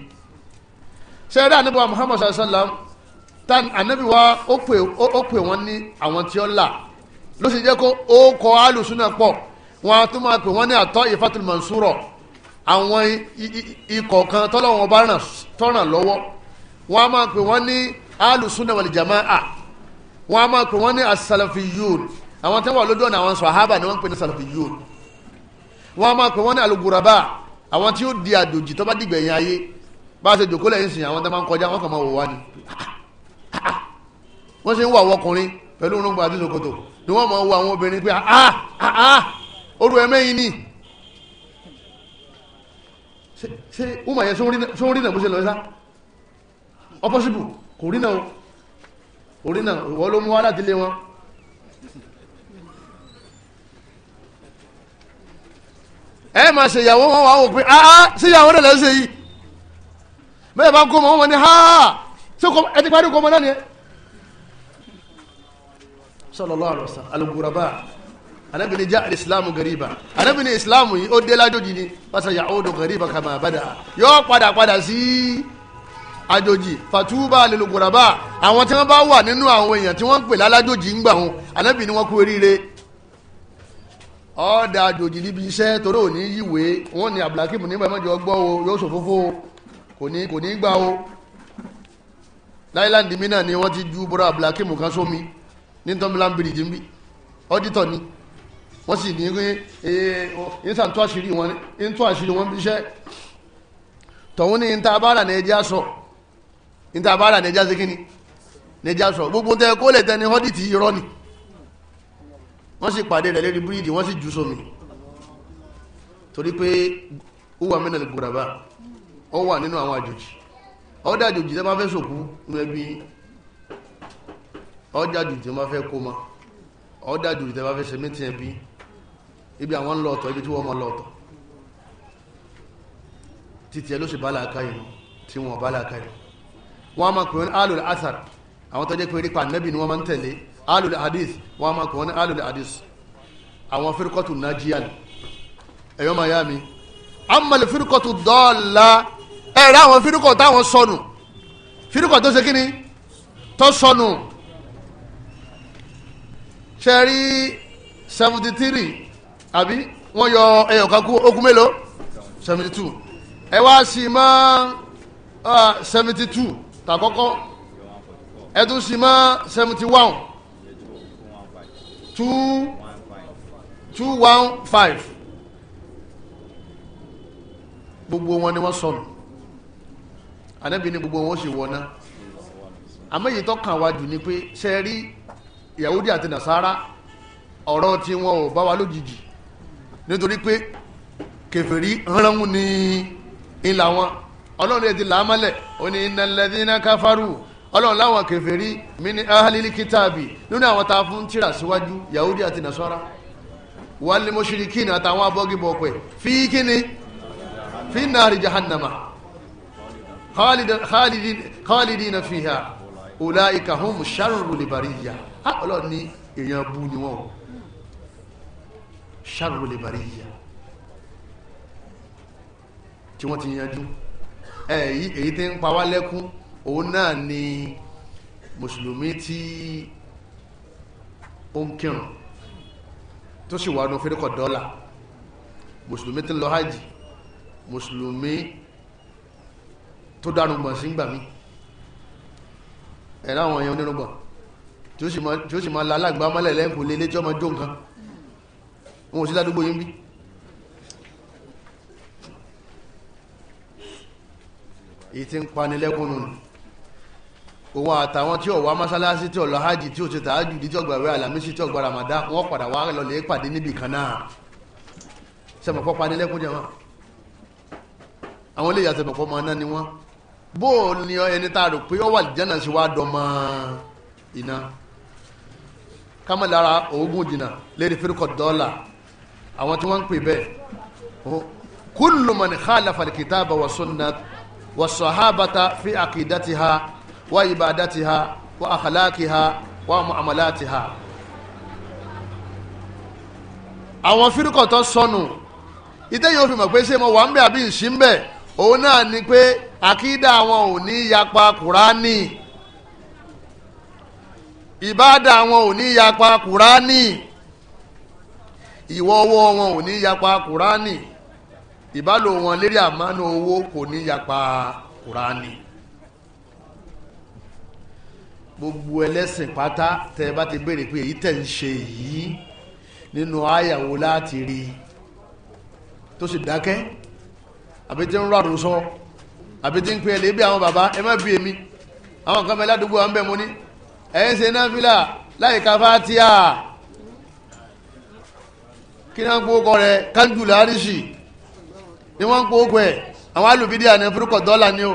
[SPEAKER 1] sẹ́ni ànábì wa muhammad sallam tan ànábì wa ó pè wọ́n ní àwọn tí ó là ló sì jẹ́ kó ó kọ alùsúnà pọ̀ wọn tún máa pè wọ́n ní àtọ́ ìfatul mansuro àwọn ikọ̀ kan tọ́lọ́wọ́n bá ràn lọ́wọ́ wọn a máa pè wọ́n ní alùsúnà wal jama'a wọ́n á máa pè wọ́n ní as-salafiyun àwọn tí wọ́n wà lójú ọ̀nà àwọn sàhábà ni wọ́n ń pè ní salafiyun wọ́n á máa pè wọ́n ní al-ghuraba àwọn tí ó di àdòjì tó bá dìgbẹ̀yìn ayé bá a ṣe jòkó lẹ́yìn sìn àwọn tó máa ń kọjá wọ́n kàn máa wò wá ni wọ́n ṣe ń wà wọkùnrin pẹ̀lú orúngbà àti ṣòkòtò ni wọ́n máa wo àwọn obìnrin pé ah ah, ah, ah oru ẹ̀mẹ́yìn ni ṣe ṣe ó mà yẹ sóńrí náà bó ṣe lọ sá ọpọ́sibù kò rí náà o orí náà wọ́n ló mú wá láti lé wọn ẹ máa ṣe ìyàwó wọn wà wò pé ah, ah ṣé ìyàwó rẹ̀ lẹ́sẹ̀ yìí bẹ́ẹ̀ bá kó wọn ni ha ṣé ẹ ti parí kó náà ni ẹ sallallahu alaihi wasallam aluguraba anabini ja alislamu gariba anabini islamu yìí ó dé lájòjì ni pàṣẹ ya'udu gariba kama bada yóò padà padà sí i àjòjì fàtúbà lẹ́lùkùràbà àwọn tí wọ́n bá wà nínú àwọn èèyàn tí wọ́n ń pè lálájòjì ń gbà wọn ànábì ni wọ́n kú eríire ọ̀ọ́dà àjòjì níbi iṣẹ́ torí òní yíwé wọ́n ní abdulhakeem nígbà mẹ́jọ gbọ́ o yóò ṣòfófó kò ní kò ní gbà o láìláńdì mínà ni wọ́n ti ju bọ́rọ̀ abdulhakeem kan sómi ní tọ́mílán bíríjì ń bí ọ́dítọ̀ ni wọ́n sì ní pé ìtàn tó àṣírí wọn bí iṣẹ́ tọ̀hún ní ìta bára ní ẹjẹ́ àṣọ níta bára nẹjá sí kíni nẹjá sọ gbogbo tẹ kó lè tẹni họ́dìtì irọ́ ni wọ́n sì pàdé rẹ̀ lérí búrídì wọ́n sì jù sómi torí pé wúwa mẹ́nà ní gbòràbà ó wà nínú àwọn àjòjì ọjà àjòjì tẹ́ máa fẹ́ sòkú nú ẹbí ọjà àjòjì tẹ́ máa fẹ́ kó ma ọjà àjòjì tẹ́ máa fẹ́ sẹ́mẹ́tì ẹbí ibi àwọn ń lọ ọ̀tọ̀ ibi tí wọ́n mọ lọ ọ̀tọ̀ títí ẹ ló sì bá làákàyè tí wọn bá làákàyè wọ́n máa kùn ní alul athar àwọn tó jẹ́ pé rípa nẹ́bì ni wọ́n máa ń tẹ̀lé alul hadith wọ́n máa kùn ní alul hadith àwọn firikọ́tù najiya ni ẹ̀yọ́ máa yá mi amali firikọ́tù dọ́ọ̀la ẹ̀rọ àwọn firikọ́ táwọn sọnù firikọ́ tó ṣe kí ni tó sọnù ṣẹ́rí seventy three àbí wọ́n yọ ẹ̀yọ̀kan kú okùn mélòó seventy two ẹ wá sí mọ́ ah, seventy two. Takoko, ẹ tún sì seventy one two two one five gbogbo wọn ni wọ́n sọnù ànábì ni gbogbo wọn ó sì wọná àmọ́ èyí tó kàn wá jù ni pé ṣe rí Yahudi àti Nasara ọ̀rọ̀ tí wọn ò bá wa lójijì nítorí pé kèfèrí ránrún ní ìlà wọn ọlọ́run ẹ̀dì làámọ́lẹ̀ ó ní innal ladhina káfárù ọlọ́run láwọn kèfèrí min ahlil kitabi nínú àwọn tá a fún tíra síwájú yahudi àti nasara wal mushrikin àtàwọn abọ́gibọ̀ pẹ̀ fi kíni fi nari jahannama khalidina fiha ulaika hum sharrul bariyya ọlọ́run ní èèyàn bú ni wọ́n sharrul bariyya tí wọ́n ti yanjú èyí tí ń pa wá lẹ́kún òun náà ni mùsùlùmí tí ó ń kírun tó sì wà nù fẹ́rẹ́kọ̀ dọ́là mùsùlùmí tí ń lọ hajj mùsùlùmí tó dárúgbọ̀n sí gbà mí ẹ̀rọ àwọn èèyàn onírúgbọ̀n tí ó sì máa lálàgbà mọ́lẹ̀ lẹ́kùn lélẹ́jọ́ ọmọ jó nǹkan wọn ò sí ládùúgbò yín bí èyí tí ń panilẹ́kùn nù òun àtàwọn tí ò wá mọ́sálásí tí ò lọ hajj tí ò ti tààjù di tí ò gbàwé alamisi tí ò gba ramadan wọ́n padà wá lọ lè pàdé níbì kan náà sẹ́mi fọ́ panilẹ́kùn jẹ́ wọn àwọn eléyà sẹ́mi máa ná ni wọ́n bó o ní ẹni tá a rò pé ó wà jẹ́nà sí wa dọ̀ mọ́ iná kámẹ́lára oògùn jìnnà lérí fírikọ̀ dọ́là àwọn tí wọ́n ń pè bẹ́ẹ̀ kullu man w'ọsọ ha bata fi akị datị ha wa baa datị ha kwọọ akwala akị ha kwọọ amaala datị ha. awọn firkọtọ sọnụ ịde ihe o fi ma pe se mụ wa mbe a bi nsi mbe ọnụna-ni pe akida awọn o niyapakuraani ịbada awọn o niyapakuraani iwọwọ wọn o ìbálò wọn lérí àmánú owó kò ní yapa kùránì gbogbo ẹlẹ́sìn pátá tẹ bá ti béèrè pé èyí tẹ̀ ń ṣe yìí nínú àyàwó láti rí tó sì dákẹ́ àbí tí ń rọrùn sọ àbí tí ń pè é lébi àwọn bàbá ẹ má bí èmi àwọn kan mẹ́lá àdúgbò àwọn bẹ́ẹ̀ mo ní ẹ̀ ń ṣe náfìlà láì ka kí náà gbogbo rẹ̀ kánjú láríṣì ni wọ́n ń po ogun ẹ̀ àwọn alùbídíà ní fúrúkọ̀ dọ́là ni o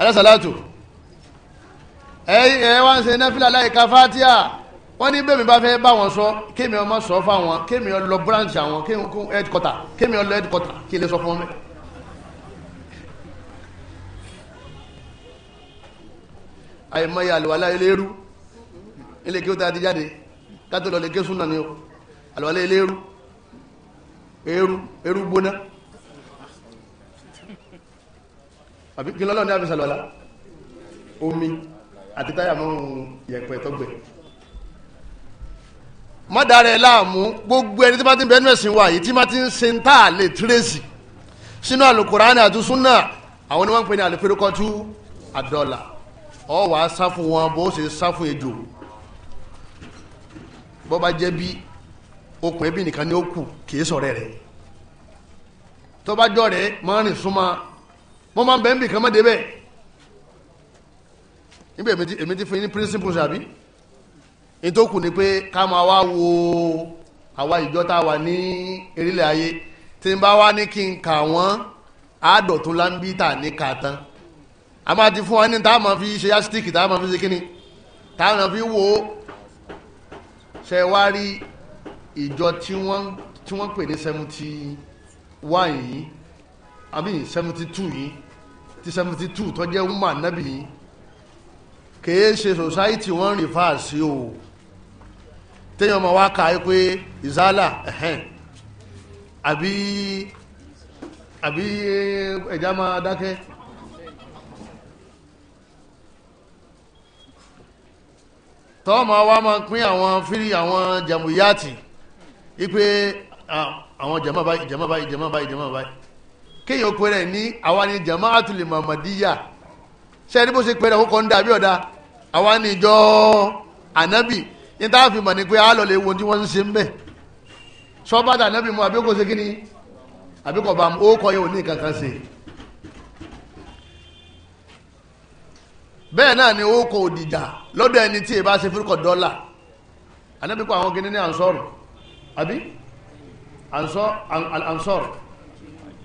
[SPEAKER 1] alásàlátù ẹ ẹ wá ń ṣe náfìlà láìka fatia wọ́n ní bẹ́ẹ̀ mi bá fẹ́ bá wọn sọ kémi ọmọ sọ fáwọn kémi ọ lọ branch àwọn kémi ọ headquarter kémi ọ lọ headquarter kí n lè sọ fún wọn bẹ́ẹ̀. àìmọye àlùwàlá eléérú ilé kí ó tàbí jáde kátó lọ lè ké súnà ni o àlùwàlá eléérú eérú eérú gbóná àbí kí lọ́lọ́ ní àfisà lọ́la omi àti táyà mọ́rùn yẹ̀pẹ̀ tọ́gbẹ̀ mọ́dàrẹ̀ láàmú gbogbo ẹni tí bá ti bẹ́ẹ̀ nù ẹ̀sìn wa yìí tí bá ti ń ṣe ń tà lè tírèsì sínú alukurani àti sunna àwọn ni wọ́n ń pè ní àlefẹ́rẹ́kọ́tù àdọ́là ọ wàá sá fún wọn bó ṣe sá fún ejò bó bá jẹ́ bí okùn ẹbí nìkan ni ó kù kì í sọ̀rẹ́ rẹ̀ tó bá jọ rẹ̀ mọ́rin súnmọ́ wọ́n máa ń bẹ̀ ń bì kàn má débẹ̀ níbẹ̀ èmi ti fún yín ní principles àbí ní ni pé ká máa wá wo àwa ìjọ tá a wà ní erílẹ̀ ayé tí n bá wá ní kí n kà wọ́n àádọ́tún lámbítà ní kàtán a máa ti fún wa ní tá a máa fi ṣe yásítìkì tá a máa fi ṣe kíni tá a máa fi wo ṣe wá rí ìjọ tí wọ́n tí wọ́n pè ní seventy one yìí àbí seventy two yìí seventy two tó jẹ́ umar nabi kèé ṣe society wọ́n rìn fáà sí o téèyàn máa wá ka ẹ pé ìzálà àbí àbí eh, ẹja máa dákẹ́. tọ́ọ̀mù wa máa pín àwọn fírí àwọn jàmùyáàtì ipe ah, àwọn jàmọ́ báyìí jàmọ́ báyìí jàmọ́ báyìí jàmọ́ báyìí kéèyàn pe rẹ̀ ní àwa ni jama'atul mamadiyya ṣe ẹni bó ṣe pe rẹ̀ kókó ń dà bí ọ̀dà àwa ni ìjọ ànábì ní táwọn fi mọ̀ ní pé a lọ lè wo tí wọ́n ń ṣe ń bẹ̀ sọ́bàtà ànábì mu àbí ṣe kí ni àbí kò bá mu ó kọ́ yẹn ò kankan ṣe. bẹ́ẹ̀ náà ni ó kò dìjà lọ́dọ̀ ẹni tí èèbá ṣe fúrúkọ̀ dọ́là ànábì kọ́ àwọn kìnínní ansọ́rù àbí ansọ́rù.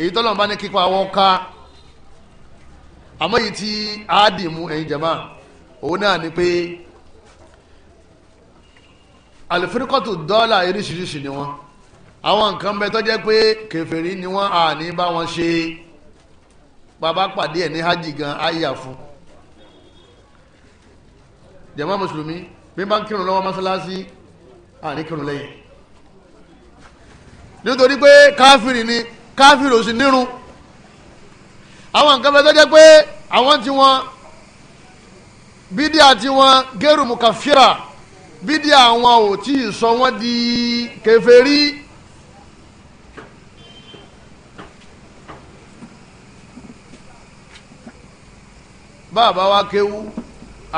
[SPEAKER 1] èyí tọ́lọ́run bá ní kíkọ́ àwọn ká àmọ́ yìí tí a dì mú ẹ̀yin jama òun náà ni pé àlùfíríkọ́tù dọ́là oríṣiríṣi ni wọ́n àwọn nǹkan bẹ tó jẹ́ pé kèfèrí ni wọ́n à ní bá wọn ṣe bàbá pàdé ẹ̀ ní hajj gan ayà fún jama mùsùlùmí bí bá ń kírun lọ́wọ́ mọ́sálásí à ní kírun lẹ́yìn nítorí pé káfírin ni. káfíìrì ò nírun àwọn nǹkan bẹ́ẹ̀ jẹ́ pé àwọn tí kafira bídíà tí wọ́n gẹ́rù mùkàfíra bídíà ò tí ì sọ di kèfèrí. bàbá wa kéwú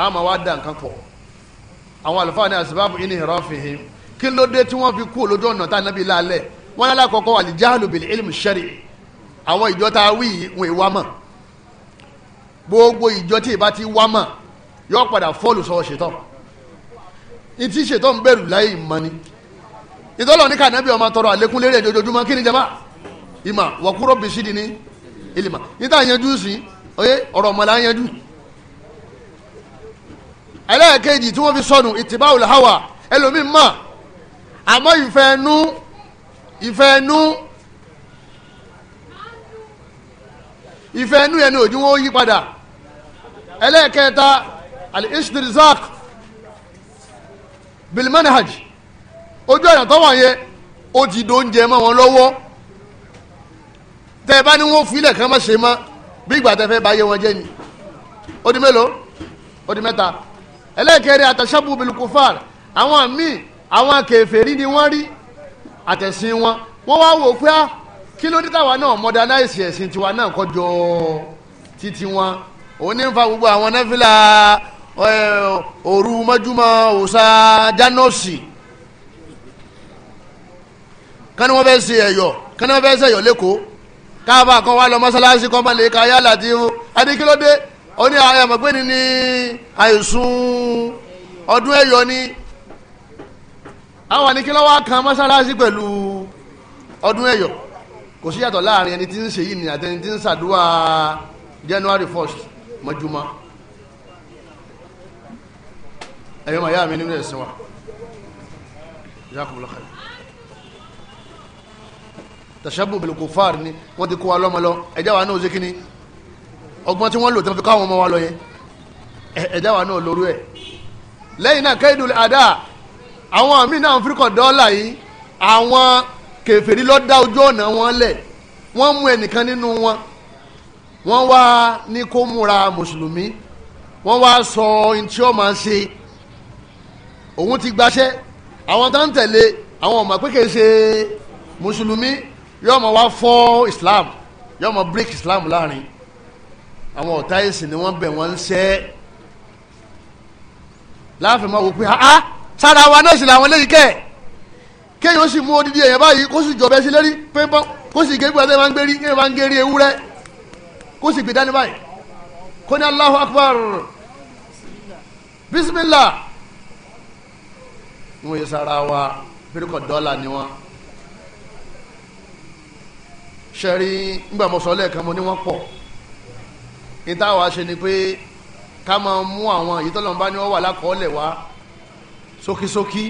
[SPEAKER 1] àmà wa dà nǹkan pọ̀ àwọn àlùfáà ní àsìbáàbù kí ló fi kú òlójú ọ̀nà tá a nábì wọ́n lálẹ́ àkọ́kọ́ àlìjáàlù bil ilm shar'i àwọn ìjọ tá a wí yìí wọn ìwà mọ̀ gbogbo ìjọ tí ìbá ti wá mọ̀ yóò padà fọ́ọ̀lù sọ ṣètọ́ ìtí ṣètọ́ ń bẹ̀rù láyé ìmọ̀ ìtọ́lọ̀ ní kànábì ọmọ tọrọ àlékún lérè ojoojúmọ́ kí ni jama ìmọ̀ wọ̀kúrọ̀ bìsí di ní ìlìmọ̀ níta yanjú sí oyè ọ̀rọ̀ ọmọlá yanjú ẹlẹ́ẹ̀kejì tí wọ́n fi sọnù ìtìbáwò làwà ẹlòmíì mọ̀ àmọ́ ìfẹ́ nú ife enu ìfẹ́ inú yẹn ni òjú wọn yí padà ẹlẹ́ẹ̀kẹta al-ishtirzaq bilmanhaj ojú ọ̀nà tọ́wọ̀n yẹn ó ti do oúnjẹ mọ́ wọn lọ́wọ́ tẹ́ ẹ bá ní wọ́n fílẹ̀ kán má ṣe mọ́ bí ìgbà tẹ́ fẹ́ bá yé wọn jẹ́ ni ó di mélòó ó di mẹ́ta àtàṣàbù bilkufar àwọn míì àwọn ni wọ́n rí àtẹ̀sìn wọn wọ́n wá wò pé ah, kí ló dé táwa náà modernize ẹ̀sìn tiwa náà kọjọ títí wọn òun ní fa gbogbo àwọn nẹ́fìlà òru mọ́júmọ́ òòṣà jánọ́ọ̀sì kánú wọn fẹ́ ṣe ẹ̀yọ̀ kánú wọn fẹ́ ṣe ẹ̀yọ̀ lẹ́kọ̀ọ́ káàbà kan wá lọ mọ́sálásí kan balẹ̀ ká yálà tí ó adékílódé ó ní àyàmọ̀gbẹ́ni ní àìsùn ọdún ẹ̀yọ̀ ni àwọn àníkílọ́wọ́ kan mọ́sálásí pẹ̀lú ọdún ẹ̀yọ̀ kò sí yàtọ̀ láàrin ẹni tí ń ṣe yìí ni àti ẹni tí ń ṣàdúrà January first, st mọ́júmọ́ ẹ̀yọ́ màá yá mi nínú ẹ̀sìn wa jákùbùlọ́kà tàṣàbù bil kufar ni wọ́n ti kó wa lọ́mọ ẹ̀já wa náà ṣe kí ni ọgbọ́n tí wọ́n lò tí wọ́n fi káwọn ọmọ wa lọ yẹn ẹ̀já wa náà lórú ẹ̀ lẹ́yìn náà kaidul ada àwọn àmì náà fíríkọ̀ dọ́là yìí àwọn kèfèrí ló dá ojú ọ̀nà wọn lẹ̀ wọ́n mú ẹnìkan nínú wọn wọ́n wá ní kó múra mùsùlùmí wọ́n wá sọ ohun tí ó máa ṣe òun ti gbaṣẹ́ àwọn tó ń tẹ̀lé àwọn ọmọ pé kìí ṣe mùsùlùmí yóò máa wá fọ́ Islam yóò máa break Islam láàrin àwọn ọ̀tá ẹ̀sìn ni wọ́n bẹ̀ wọ́n ń ṣẹ́ láàfin máa wò pé ah ah sára wa náà sì làwọn léyìí kẹ́ kéèyàn ó sì mú odidi èèyàn báyìí kó sì jọ̀bẹ sí lérí pépọ́n kó sì gé gbàdé máa ń gbérí kéèyàn máa ń gérí ewúrẹ́ kó sì gbèdá báyìí kó ní Allahu Akbar bisimilah ń wòye sára wa pírikọ̀ dọ́là ni wọ́n sẹ́rí ńgbà mọ̀sọ́ lẹ́ẹ̀kan mo ní wọ́n pọ̀ ìta wa ṣe ni pé ká máa mú àwọn èyí ni wọ́n wà lákọọ́lẹ̀ wa sókísókí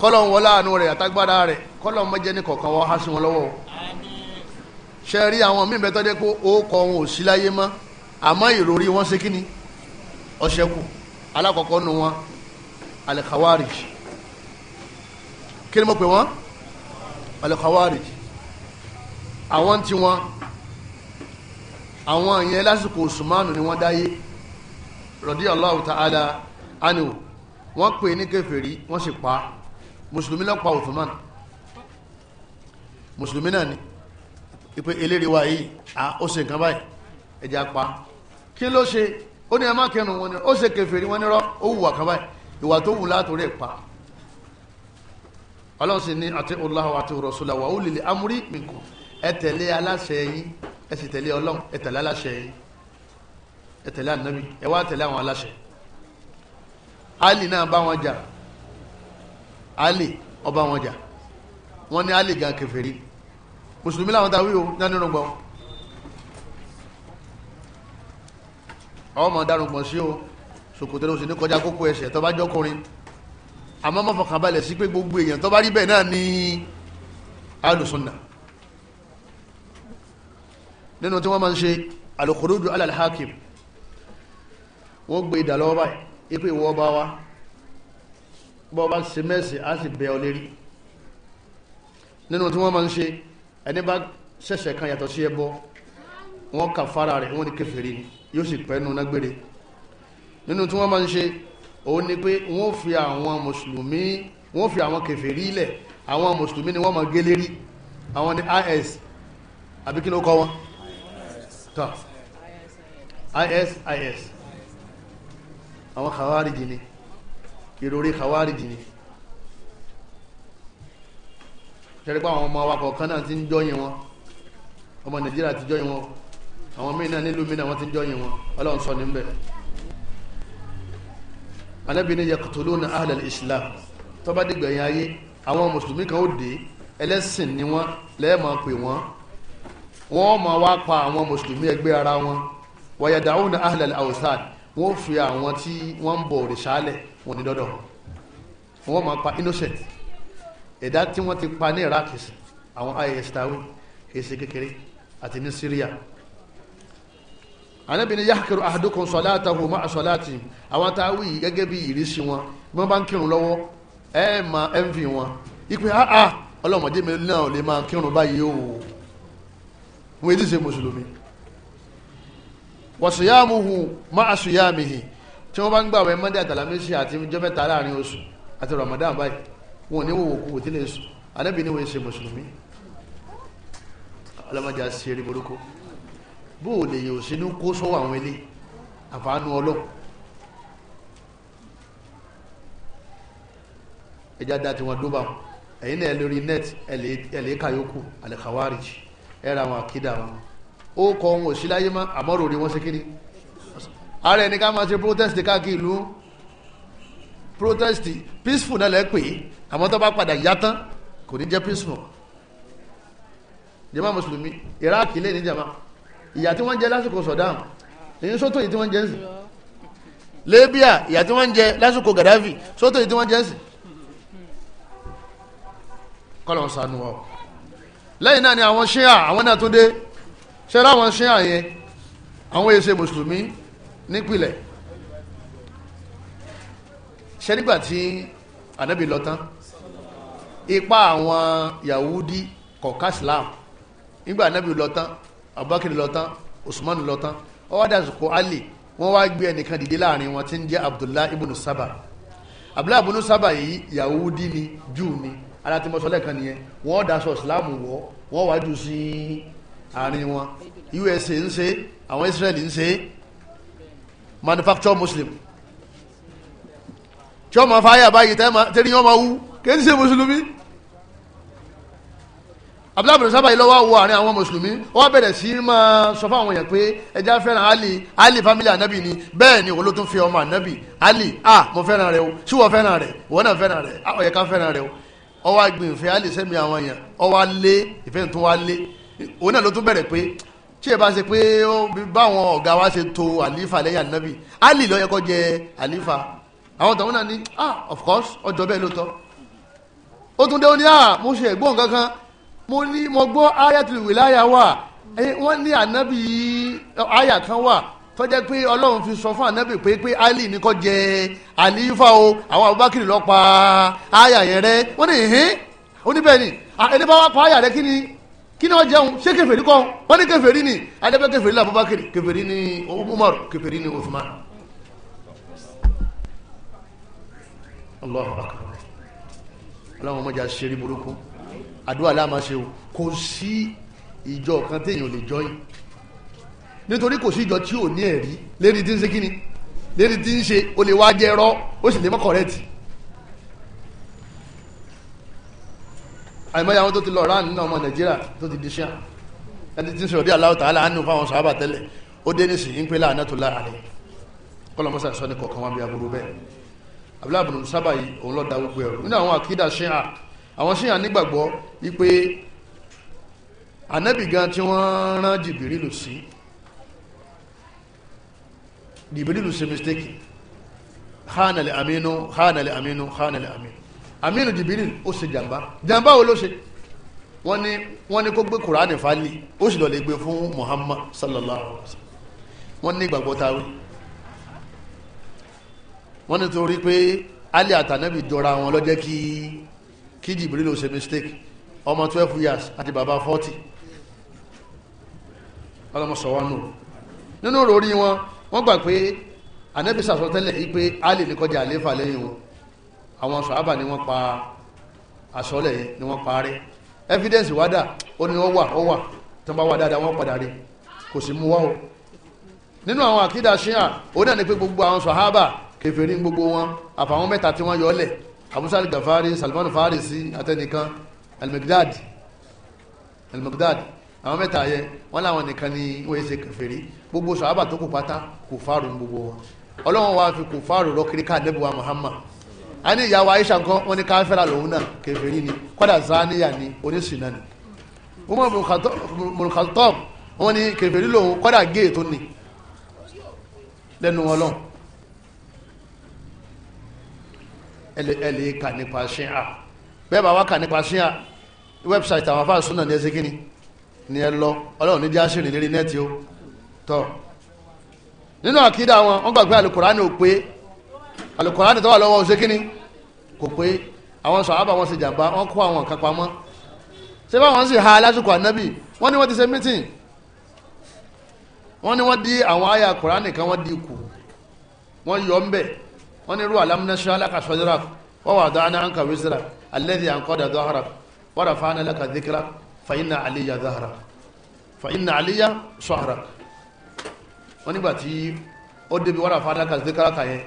[SPEAKER 1] kọ́lọ̀ ń wọlé àánú rẹ̀ àtagbára rẹ̀ kọ́lọ̀ mọ́ jẹ́ ní kọ̀ọ̀kan wọ́n há sí wọn lọ́wọ́ ṣe àwọn míì bẹ́tọ́ kó o kọ́ wọn ò sí láyé mọ́ àmọ́ ìròrí wọn ṣe kíni ọ̀ṣẹ́kù alákọ̀ọ́kọ́ nu wọn alikawarij kí ni mo pè wọ́n alikawarij àwọn tí wọn àwọn yẹn lásìkò Usmanu ni wọ́n dáyé rọ̀dí Allahu ta'ala anu wọ́n pè ní kèfèrí wọ́n sì pa mùsùlùmí ló pa Uthman mùsùlùmí náà ni ipe eléré wa yìí ó ṣe nǹkan báyìí ẹja pa kí ló ṣe ó ní ẹ má kẹnu wọn ni ó ṣe kèfèrí wọn ni rọ ó wùwà kan báyìí ìwà tó wù látòrí ẹ̀ pa ọlọ́run sì ní àti Allahu àti Rasula wa ulil amri minkum ẹ tẹ̀lé aláṣẹ yín ẹ sì tẹ̀lé ọlọ́run ẹ tẹ̀lé aláṣẹ yín ẹ tẹ̀lé ànábì ẹ wá tẹ̀lé àwọn aláṣẹ yín ali náà bá wọn jà ali ọba wọn jà wọn ní ali gan kèfèrí mùsùlùmí làwọn táwí o náà nínú gbọn ọmọ dárun gbọn sí o sòkòtò ló sì ní kọjá kókó ẹsẹ̀ tó bá jọkùnrin àmọ́ mọ fọkàn balẹ̀ sí pé gbogbo èèyàn tó rí bẹ́ẹ̀ náà ní alùsùnà nínú tí wọn máa ń ṣe alùkòròdù alàlhákìm wọn gbé ìdálọ́wọ́ báyìí ipò ìwọ ọba wa bọ́ bá ṣe mẹ́sì á sì bẹ ọ lérí nínú tí wọ́n máa ń ṣe ẹni bá ṣẹ̀ṣẹ̀ kan yàtọ̀ sí ẹbọ wọ́n kà fara rẹ̀ wọ́n ní kèfèrí ni yóò sì pẹ́ nu nágbére nínú tí wọ́n máa ń ṣe òun ni pé wọ́n fi àwọn mùsùlùmí wọ́n fi àwọn kèfèrí lẹ̀ àwọn mùsùlùmí ni wọ́n máa gé lérí àwọn ni is àbí kí ló kọ́ wọn tọ́ is is àwọn kàwárìjì ni ìròrí kàwárìjì ni ṣẹ́rí pé àwọn ọmọ awakọ̀ kan náà ti ń jọyìn wọn ọmọ nàìjíríà ti jọyìn wọn àwọn míì náà nílùú míì náà wọ́n ti ń jọyìn wọn ọlọ́run sọ níbẹ̀ alẹ́bí ni yaqtuluna ahlal islam tó bá dìgbẹ̀yìn ayé àwọn mùsùlùmí kan ó dé ẹlẹ́sìn ni wọ́n lẹ́ẹ̀ máa pè wọ́n máa wá pa àwọn mùsùlùmí ẹgbẹ́ ara wọn wa yad'una ahlal awthan wọ́n fi àwọn tí wọ́n ń bọ òrìṣàlẹ̀ wọn ní dọ́dọ̀ wọ́n máa pa innocent ẹ̀dá tí wọ́n ti pa ní Iraq àwọn is tawe èsì kékeré àti ní Syria Ànábì ní yahkiru ahadukum salatahu ma'a salati àwọn táwí gẹ́gẹ́ bí ìrísí wọn bí wọ́n bá ń kírun lọ́wọ́ ẹ máa envy wọn ipe ha ah, ah, ha ọlọ́mọdé mi náà lè máa kírun báyìí o wọ́n ti ṣe mùsùlùmí wọ̀sùyàmùhù má àṣùyàmìhì tí wọ́n bá ń gbàwẹ̀ mọ́ndé àtàlámẹ́sì àti ọjọ́ láàrin oṣù àti Ramadan báyìí wọn ò ní wòwò kú wò tí lè sùn Ànábì ni wọ́n ṣe mùsùlùmí ọlọ́mọdé àṣì eré burúkú bó o lè yẹ òsì ní kó sọ́wọ́ àwọn ilé àfàànú ọlọ́ ẹja dá tiwọn dóbà ẹ̀yin náà lórí net ẹ̀ lè kàyókù ra àwọn àkídà wọn ó kọ ohun òsì láyé mọ́ àmọ́rò ni wọ́n ṣe kiri ààrẹ ní ká máa ṣe protest káàkiri ìlú protest peaceful náà lẹ́ pè é àmọ́ tó bá padà yá tán kò ní jẹ́ peaceful jàmá mùsùlùmí iraq lè ní jàmá ìyà tí wọ́n jẹ lásìkò Saddam èyí sótò yìí tí wọ́n jẹ ń sìn Libya ìyà tí wọ́n jẹ lásìkò Gaddafi sótò yìí tí wọ́n jẹ ń sìn kọ́lọ̀ sànù ọ lẹ́yìn náà ni àwọn ṣíà àwọn náà tún dé ṣe láwọn ṣe àyẹn àwọn èsè mùsùlùmí nípìlẹ̀ ṣe nígbà tí ànábì lọ tán ipa àwọn yahudi kọ̀ọ̀ká islam nígbà ànábì lọ tán abubakar lọ tán usman lọ tán ọwádàsíkò ali wọ́n wá gbé ẹnìkan dìde láàrin wọn tí ń jẹ́ abdullahi ibn saba abdullahi ibn saba yìí yahudi ni júù ni alátimọ́sọ́lẹ̀ kan nìyẹn wọ́n dáṣọ ìsìláàmù wọ̀ wọ́n wájú sí i àárín wọn USA ń ṣe àwọn Israel ń ṣe manufacture muslim tí wọ́n máa fáyà báyìí tẹ́rí wọ́n máa wú kéde ṣe mùsùlùmí abdullahi bin sábà yìí lọ́wọ́ wo àárín àwọn mùsùlùmí wọ́n bẹ̀rẹ̀ sí máa sọ fún àwọn èèyàn pé ẹja fẹ́ràn ali ali family anabi ni bẹ́ẹ̀ ni wọ́n ló tún fi ọmọ anabi ali ah mo fẹ́ràn rẹ o sí wọ́n fẹ́ràn rẹ wọ́n náà fẹ́ràn rẹ àwọn fẹ́ràn rẹ o ọwọ́ agbèǹfẹ́ ali sẹ́mi àwọn èèyàn ọwọ́ alé ìfẹ́ òun náà ló tún bẹ̀rẹ̀ pé tí ẹ bá ṣe pé báwọn ọ̀gá wa ṣe to àlífà lẹ́yìn ànábì ali ló yẹ kó jẹ àlífà àwọn tàwọn náà ní ah of course ọjọ́ bẹ́ẹ̀ ló tọ́ ó tún dé ó ní à ah, mo ṣe ẹ̀gbọ́n kankan mo ní mo gbọ́ ayatul wilaya wà wọ́n ní ànábì aya kan wà tó jẹ́ pé ọlọ́run fi sọ fún ànábì pé pé ali ni kó jẹ àlífà o àwọn abubakar ló pa aya yẹn rẹ wọ́n ní ìhín oníbẹ̀ ni ẹni bá wà pa aya rẹ kí ni kí ni wọ́n jẹun ṣé kèfèrí kọ́ wọ́n ní kèfèrí ni adébẹ́ kèfèrí la Abubakar kèfèrí ni Umar kèfèrí ni Uthman Allahu akbar aláwọn ọmọdé aṣeré burúkú àdúrà láàmà ṣe o kò sí ìjọ kan téèyàn lè jọyìn nítorí kò sí ìjọ tí ò ní ẹ̀rí lérí tí ń ṣe kíni lérí tí ń ṣe o lè wá jẹ́ rọ́ ó sì lè mọ́ kọ̀rẹ́tì àìmọye àwọn tó ti lọ rán nínú ọmọ nàìjíríà tó ti di ṣíà ẹni tí ń sọ̀rọ̀ bí aláwọ̀ tààlà ánú fáwọn sàábà tẹ́lẹ̀ ó dé nísìnyí ń pè láàánú tó láàrin kọlọmọsà sọ ní kọ̀ọ̀kan wọn bí aburú bẹ́ẹ̀ abúláàbùn sábà yìí òun lọ́ọ́ da gbogbo ẹ̀rù nínú àwọn àkídà ṣíà àwọn ṣíà nígbàgbọ́ wípé ànábì gan tí wọ́n rán jìbìrìlù sí jìbìrìlù sí mistake hánàlẹ̀ àmínú hánàlẹ̀ àmínú hánàlẹ̀ àmínú aminu jibiril ó ṣe jamba, jamba wo ló ṣe wọ́n ní wọ́n ní kó gbé kuraani fali ó sì lọ́ọ́ lè gbé fún muhammad sallallahu alayhi wa sallam wọ́n ní ìgbàgbọ́ táwé wọ́n ní torí pé ali àtànẹ́bì jọra wọn lọ́jẹ́ kí kí jibiril ó ṣe mistake ọmọ twelve years àti bàbá forty ọlọmọsọwọnù nínú ròrí wọn wọ́n gbà pé ànẹ́bì sàsọtẹ́lẹ̀ yìí pé ali ní kọjá àléfà lẹ́yìn wọn àwọn sàábà ni wọ́n pa àsọ́lẹ̀ yìí ni wọ́n parẹ́ evidence wá dà ó ní ó wà ó wà tó bá wà dáadáa wọ́n padà rí kò sí mú wá o nínú àwọn àkídà ṣíà ó náà ní pé gbogbo àwọn sàábà kèfèrí gbogbo wọn àfàwọn mẹ́ta tí wọ́n yọlẹ̀ abusal gafari salman farisi atẹnikan almigdad almigdad àwọn mẹ́ta yẹ wọ́n láwọn nìkan ni wọ́n yẹ ṣe kèfèrí gbogbo sàábà tó kù pátá kò fárùn gbogbo wọn ọlọ́wọ́n wa fi kò fárùn rọ kiri ká àdẹ́bùwà muhammad a ní ìyàwó Aisha nǹkan wọn ní káfíńrà lòun náà kèfèrí ni kọ́dà zaniya ni oníṣìnà ni Umar ibn Khattab wọn ní kèfèrí lòun kọ́dà géè tó ni lẹ́nu ọlọ́run ẹlẹ́ kà nípa ṣíà bẹ́ẹ̀ bá wá kà nípa ṣíà wẹ́bsáìtì àwọn afáà súnà ní ẹsẹ̀ kínní ni ẹ lọ ọlọ́run níjà ṣìrìn lérí nẹ́ẹ̀tì ó tọ́ nínú àkídà wọn wọ́n gbàgbé àlùkùránì ò pé alukurani tó wà lọ́wọ́ ṣé kíni kò pé àwọn sàhábà wọn ṣe jàmbá wọn kó àwọn kan pamọ́ ṣé báwọn sì ha lásìkò ànábì wọ́n ní wọ́n ti ṣe mítìn wọ́n ní wọ́n di àwọn àyà kurani kan wọ́n di kù wọ́n yọ ń bẹ̀ wọ́n ní irú alámúnáṣá alákàṣọ́dúnrà wọ́n wà dáná ànkà wíṣírà alẹ́dí ànkọ́dà dọ́hara wọ́n fáánà lẹ́ka dìkìrà fàyínà àlíyà dọ́hara fàyínà àlíyà sọ́hara wọ́n nígbà tí ó débi wọ́n fáánà lẹ́ka dìkìrà kàyẹn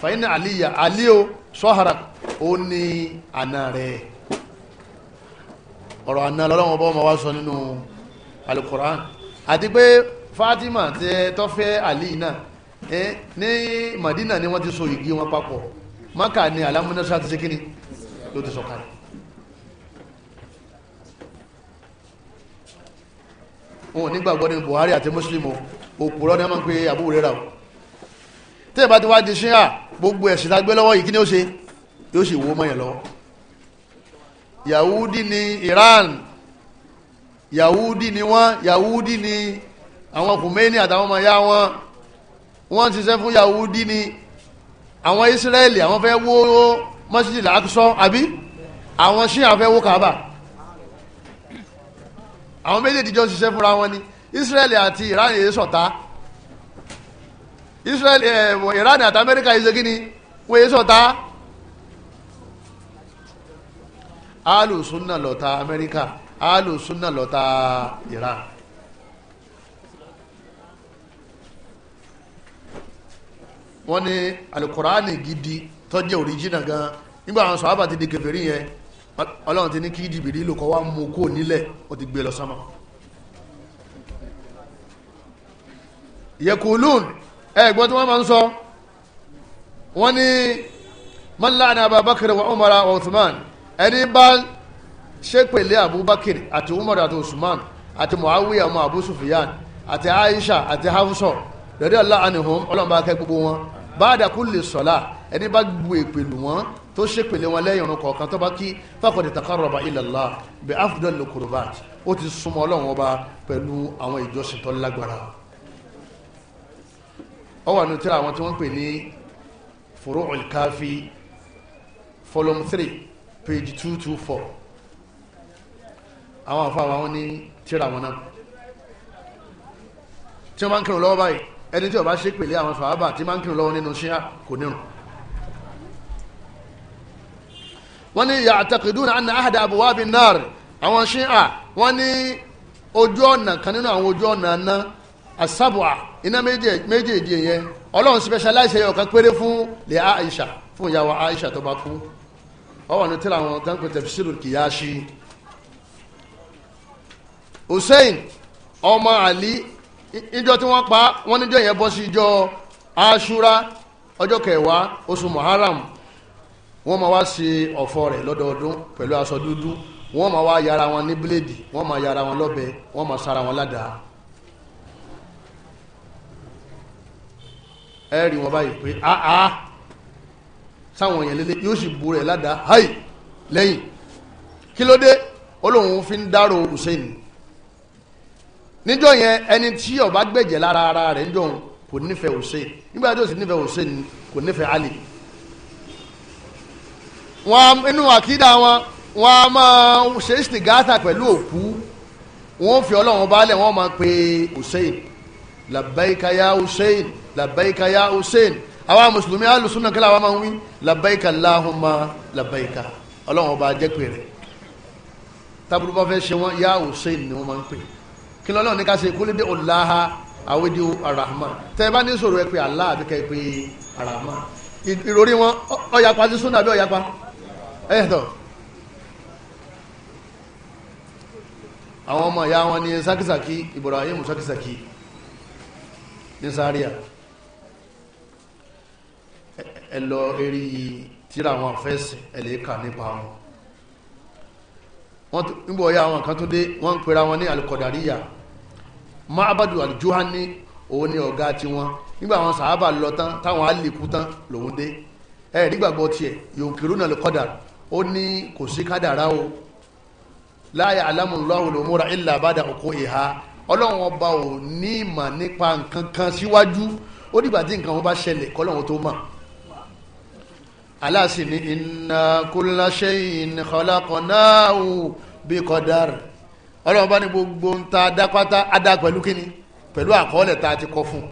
[SPEAKER 1] fàyínà àlíyà àlíò sọ́hara ó ní àna rẹ̀ ọ̀rọ̀ àna lọ́lọ́wọ́n bọ́ ma wá sọ nínú alukoran àti pé Fatima tẹ tọ́fẹ́ àlí náà ẹ ní Madina ni wọ́n ti so igi wọn papọ̀ Maka ni alamúnásá ti ṣe kíni ló ti sọ̀kalẹ̀ wọn ò nígbàgbọ́ ní Buhari àti Muslim o òpùrọ́ ni wọ́n máa ń pe Abu Hurairah o tí ẹ bá ti wá di ṣíà gbogbo ẹ̀sìn lágbé lọ́wọ́ yìí kí ni ó ṣe yóò sì wó mọ́yàn lọ́wọ́ yahudi ni Iran yahudi ni wọ́n yahudi ni àwọn kùmẹ́ni àtàwọn ọmọ ya wọn wọ́n ti ṣiṣẹ́ fún yahudi ni àwọn Israẹli àwọn fẹ́ wó mọ́sídìí làákùsọ àbí àwọn ṣíà fẹ́ wó Kaaba àwọn méjèèjì jọ ṣiṣẹ́ fúnra wọn ni Israẹli àti Iran yìí sọ̀tá. So Israel ẹ̀ eh, Iran àti Amẹ́ríkà yìí ṣe kí ni wọ́n yé sọ̀tá alùsùnà lọ̀tá Amẹ́ríkà alùsùnà lọ̀tá Iran. wọ́n ní alukuraani gidi tọ́jú oríjìnà gan nígbà àwọn sọ̀hábà ti di kèfèrí yẹn ọlọ́run ti ní kí jìbìrì lò kọ́ wá mú kó nílẹ̀ ó ti gbé lọ sánmà. yẹkùlùn ẹ̀gbọ́n tí wọ́n máa ń sọ wọ́n ní mọ́láàdá abubakar wa umar wa uthman ẹni bá ṣépèlé abubakar àti umar àti usman àti muawiya ọmọ abu sufiyan àti aisha àti hafsa lọ́dẹ̀ allah anihum ọlọ́mọba akẹ́ gbogbo wọn báàdà kulli sọ̀lá ẹni bá gbu èpèlú wọn tó ṣépèlé wọn lẹ́yìn ọ̀run kọ̀ọ̀kan tó bá kí faqad taqarraba ila Allah bi afdal ó ti súnmọ́ ọlọ́run ọba pẹ̀lú àwọn ìjọsìn tó lágbára ó wà nù tíra àwọn tí wọ́n pè ní furu'ul kafi volume three page two two four àwọn àfa àwọn ní tíra wọn náà tí wọ́n bá ń kírun lọ́wọ́ báyìí ẹni tí ó bá ṣe pèlè àwọn sàhábà tí máa ń kírun lọ́wọ́ nínú ṣíà kò nírun wọ́n ní ya'taqiduna anna ahada abwabi nnar àwọn ṣíà wọ́n ní ojú ọ̀nà kan nínú àwọn ojú ọ̀nà náà asabua iná méjèèjì yẹn ọlọ́run specialize yẹn ọ̀kan péré fún lè aisha fún ìyàwó aisha tó bá kú ọwọ́ ní tí làwọn tán pé tafsiru kìyàṣí hussein ọmọ ali ìjọ tí wọ́n pa wọ́n níjọ yẹn bọ́ sí ìjọ ashura ọjọ́ kẹwàá oṣù muharram wọ́n máa wá ṣe ọ̀fọ̀ rẹ̀ lọ́dọọdún pẹ̀lú ẹ rí wọn báyìí pé àá ah, ah. sáwọn yẹn lélẹ̀ yóò sì bu rẹ̀ ládàá háì lẹ́yìn kí ló dé olóhùn fi ń dárò Hussein níjọ́ yẹn ẹni tí ó bá gbẹ̀jẹ̀ lára ara rẹ̀ ń jọun kò nífẹ̀ẹ́ Hussein nígbà tí sì nífẹ̀ẹ́ Hussein kò nífẹ̀ẹ́ Ali wọn inú àkídà wọn wọn a máa ṣe ìsìngáàtà pẹ̀lú òkú wọn ò fi Ọlọ́run balẹ̀ wọn máa pe Hussein labbaika ya hussein labbaika ya hussein àwa mùsùlùmí alùsùnà kí làwọn máa ń wí labbaika allahumma labbaika ọlọ́run ọba jẹ́ pé rẹ̀ tábùrú bá fẹ́ ṣe wọ́n ya hussein ni wọ́n máa ń pè kí lọ́lọ́run ní ká ṣe kúlídé ọ̀làhà àwédí arahman tẹ́ ẹ bá ní sọ̀rọ̀ ẹ pé allah àbí kẹ́ ẹ pé arahman ìròrí wọn ọ̀yàpá sí súnà àbí ọ̀yàpá ẹ̀ tọ̀ àwọn ọmọ ìyá wọn ni sakisaki ibrahim sakisaki ní sáríà ẹ lọ eré tíra àwọn afẹ́sìn ẹ̀lẹ́kà nípa wọn wọ́n níbo ọ̀yá àwọn kan tó dé wọ́n ń pera wọn ní alikọ̀dàríyà mahabadu alijuhani òun ni ọ̀gá tiwọn nígbà àwọn sàábà lọ tán táwọn alìkú tán lòun dé ẹ̀ nígbàgbọ́ tiẹ̀ yòókèrú náà lè kọ́dà ó ní kò sí kádàrá o láyà alámùláwò lòmúra ìlà bàdà òkú ìhà ọlọ́run ọba ò ní ìmọ̀ nípa nǹkan kan síwájú ó dìgbà tí nǹkan wọn bá ṣẹlẹ̀ kọ́lọ́run tó mọ̀ aláàsì ni inna kulla shay'in khalaqnahu bi qadar ọlọ́run bá ní gbogbo ń ta adápátá adá pẹ̀lú kíni pẹ̀lú àkọọ́lẹ̀ tá a ti kọ fún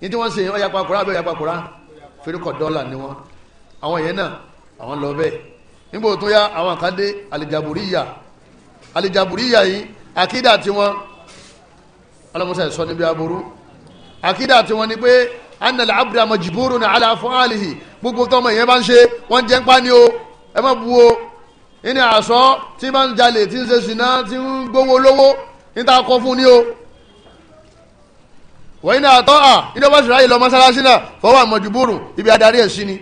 [SPEAKER 1] ní tí wọ́n ṣe ọ̀yà pakura àbẹ̀ ọ̀yà fẹ́rẹ́kọ̀ dọ́là ni wọ́n àwọn yẹn náà àwọn lọ bẹ́ẹ̀ nígbà tó yá àwọn kan dé alìjàbùríyà alìjàbùríyà yìí àkídà tí wọ́n ọlọ́mọsẹ̀ sọ níbi aburú àkídà tí wọ́n ni pé annal abdul majiburu na ala fún alihi gbogbo tọmọ ìyẹn bá ń ṣe wọ́n jẹ́ ń pa ni o ẹ má bu o ní àṣọ tí máa ń jalè tí ń ṣe ṣìnà tí ń gbowó lówó níta kọ fún ni o wọ́n iná àtọ́ à iná bá ṣùgbọ́n ìlọ mọ́sálásí náà fọwọ́ àmọ̀jùbúrù ibi adarí ẹ̀ sí ni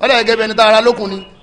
[SPEAKER 1] wọ́n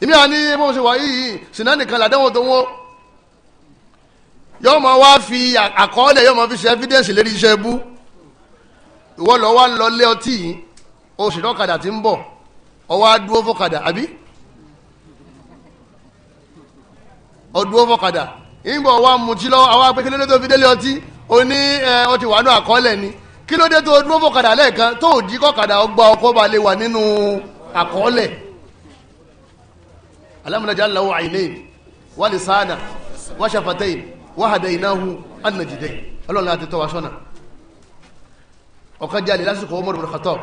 [SPEAKER 1] èmi à ní bó ṣe wà yìí sinna nìkan làdánwò tó wọ́n yóò máa wá fi àkọọ́lẹ̀ yóò máa fi ṣe evidence lérí iṣẹ́ bú ìwọ lọ wá lọ lé ọtí yìí o sì lọ́kadà tí ń bọ̀ ọwọ́ á dúró àbí ọdúró fọ́kadà ìgbà wa mutí lọ́wọ́ àwa pé kí ló dé tó fi délé ọtí o ẹ ọtí wà nù àkọọ́lẹ̀ ni kí ló dé tó dúró fọ́kadà lẹ́ẹ̀kan tó ò jí kọ́kadà ọgbà ọkọ̀ balẹ̀ wà nínú àkọọ́lẹ̀ alamuna ja'allahu aynayn wa lisana wa shafatayn wa hadaynahu an-najdayn ọlọ́run láti tọ́ wa sọ́nà ọ̀kan jalè lásìkò Umar ibn Khattab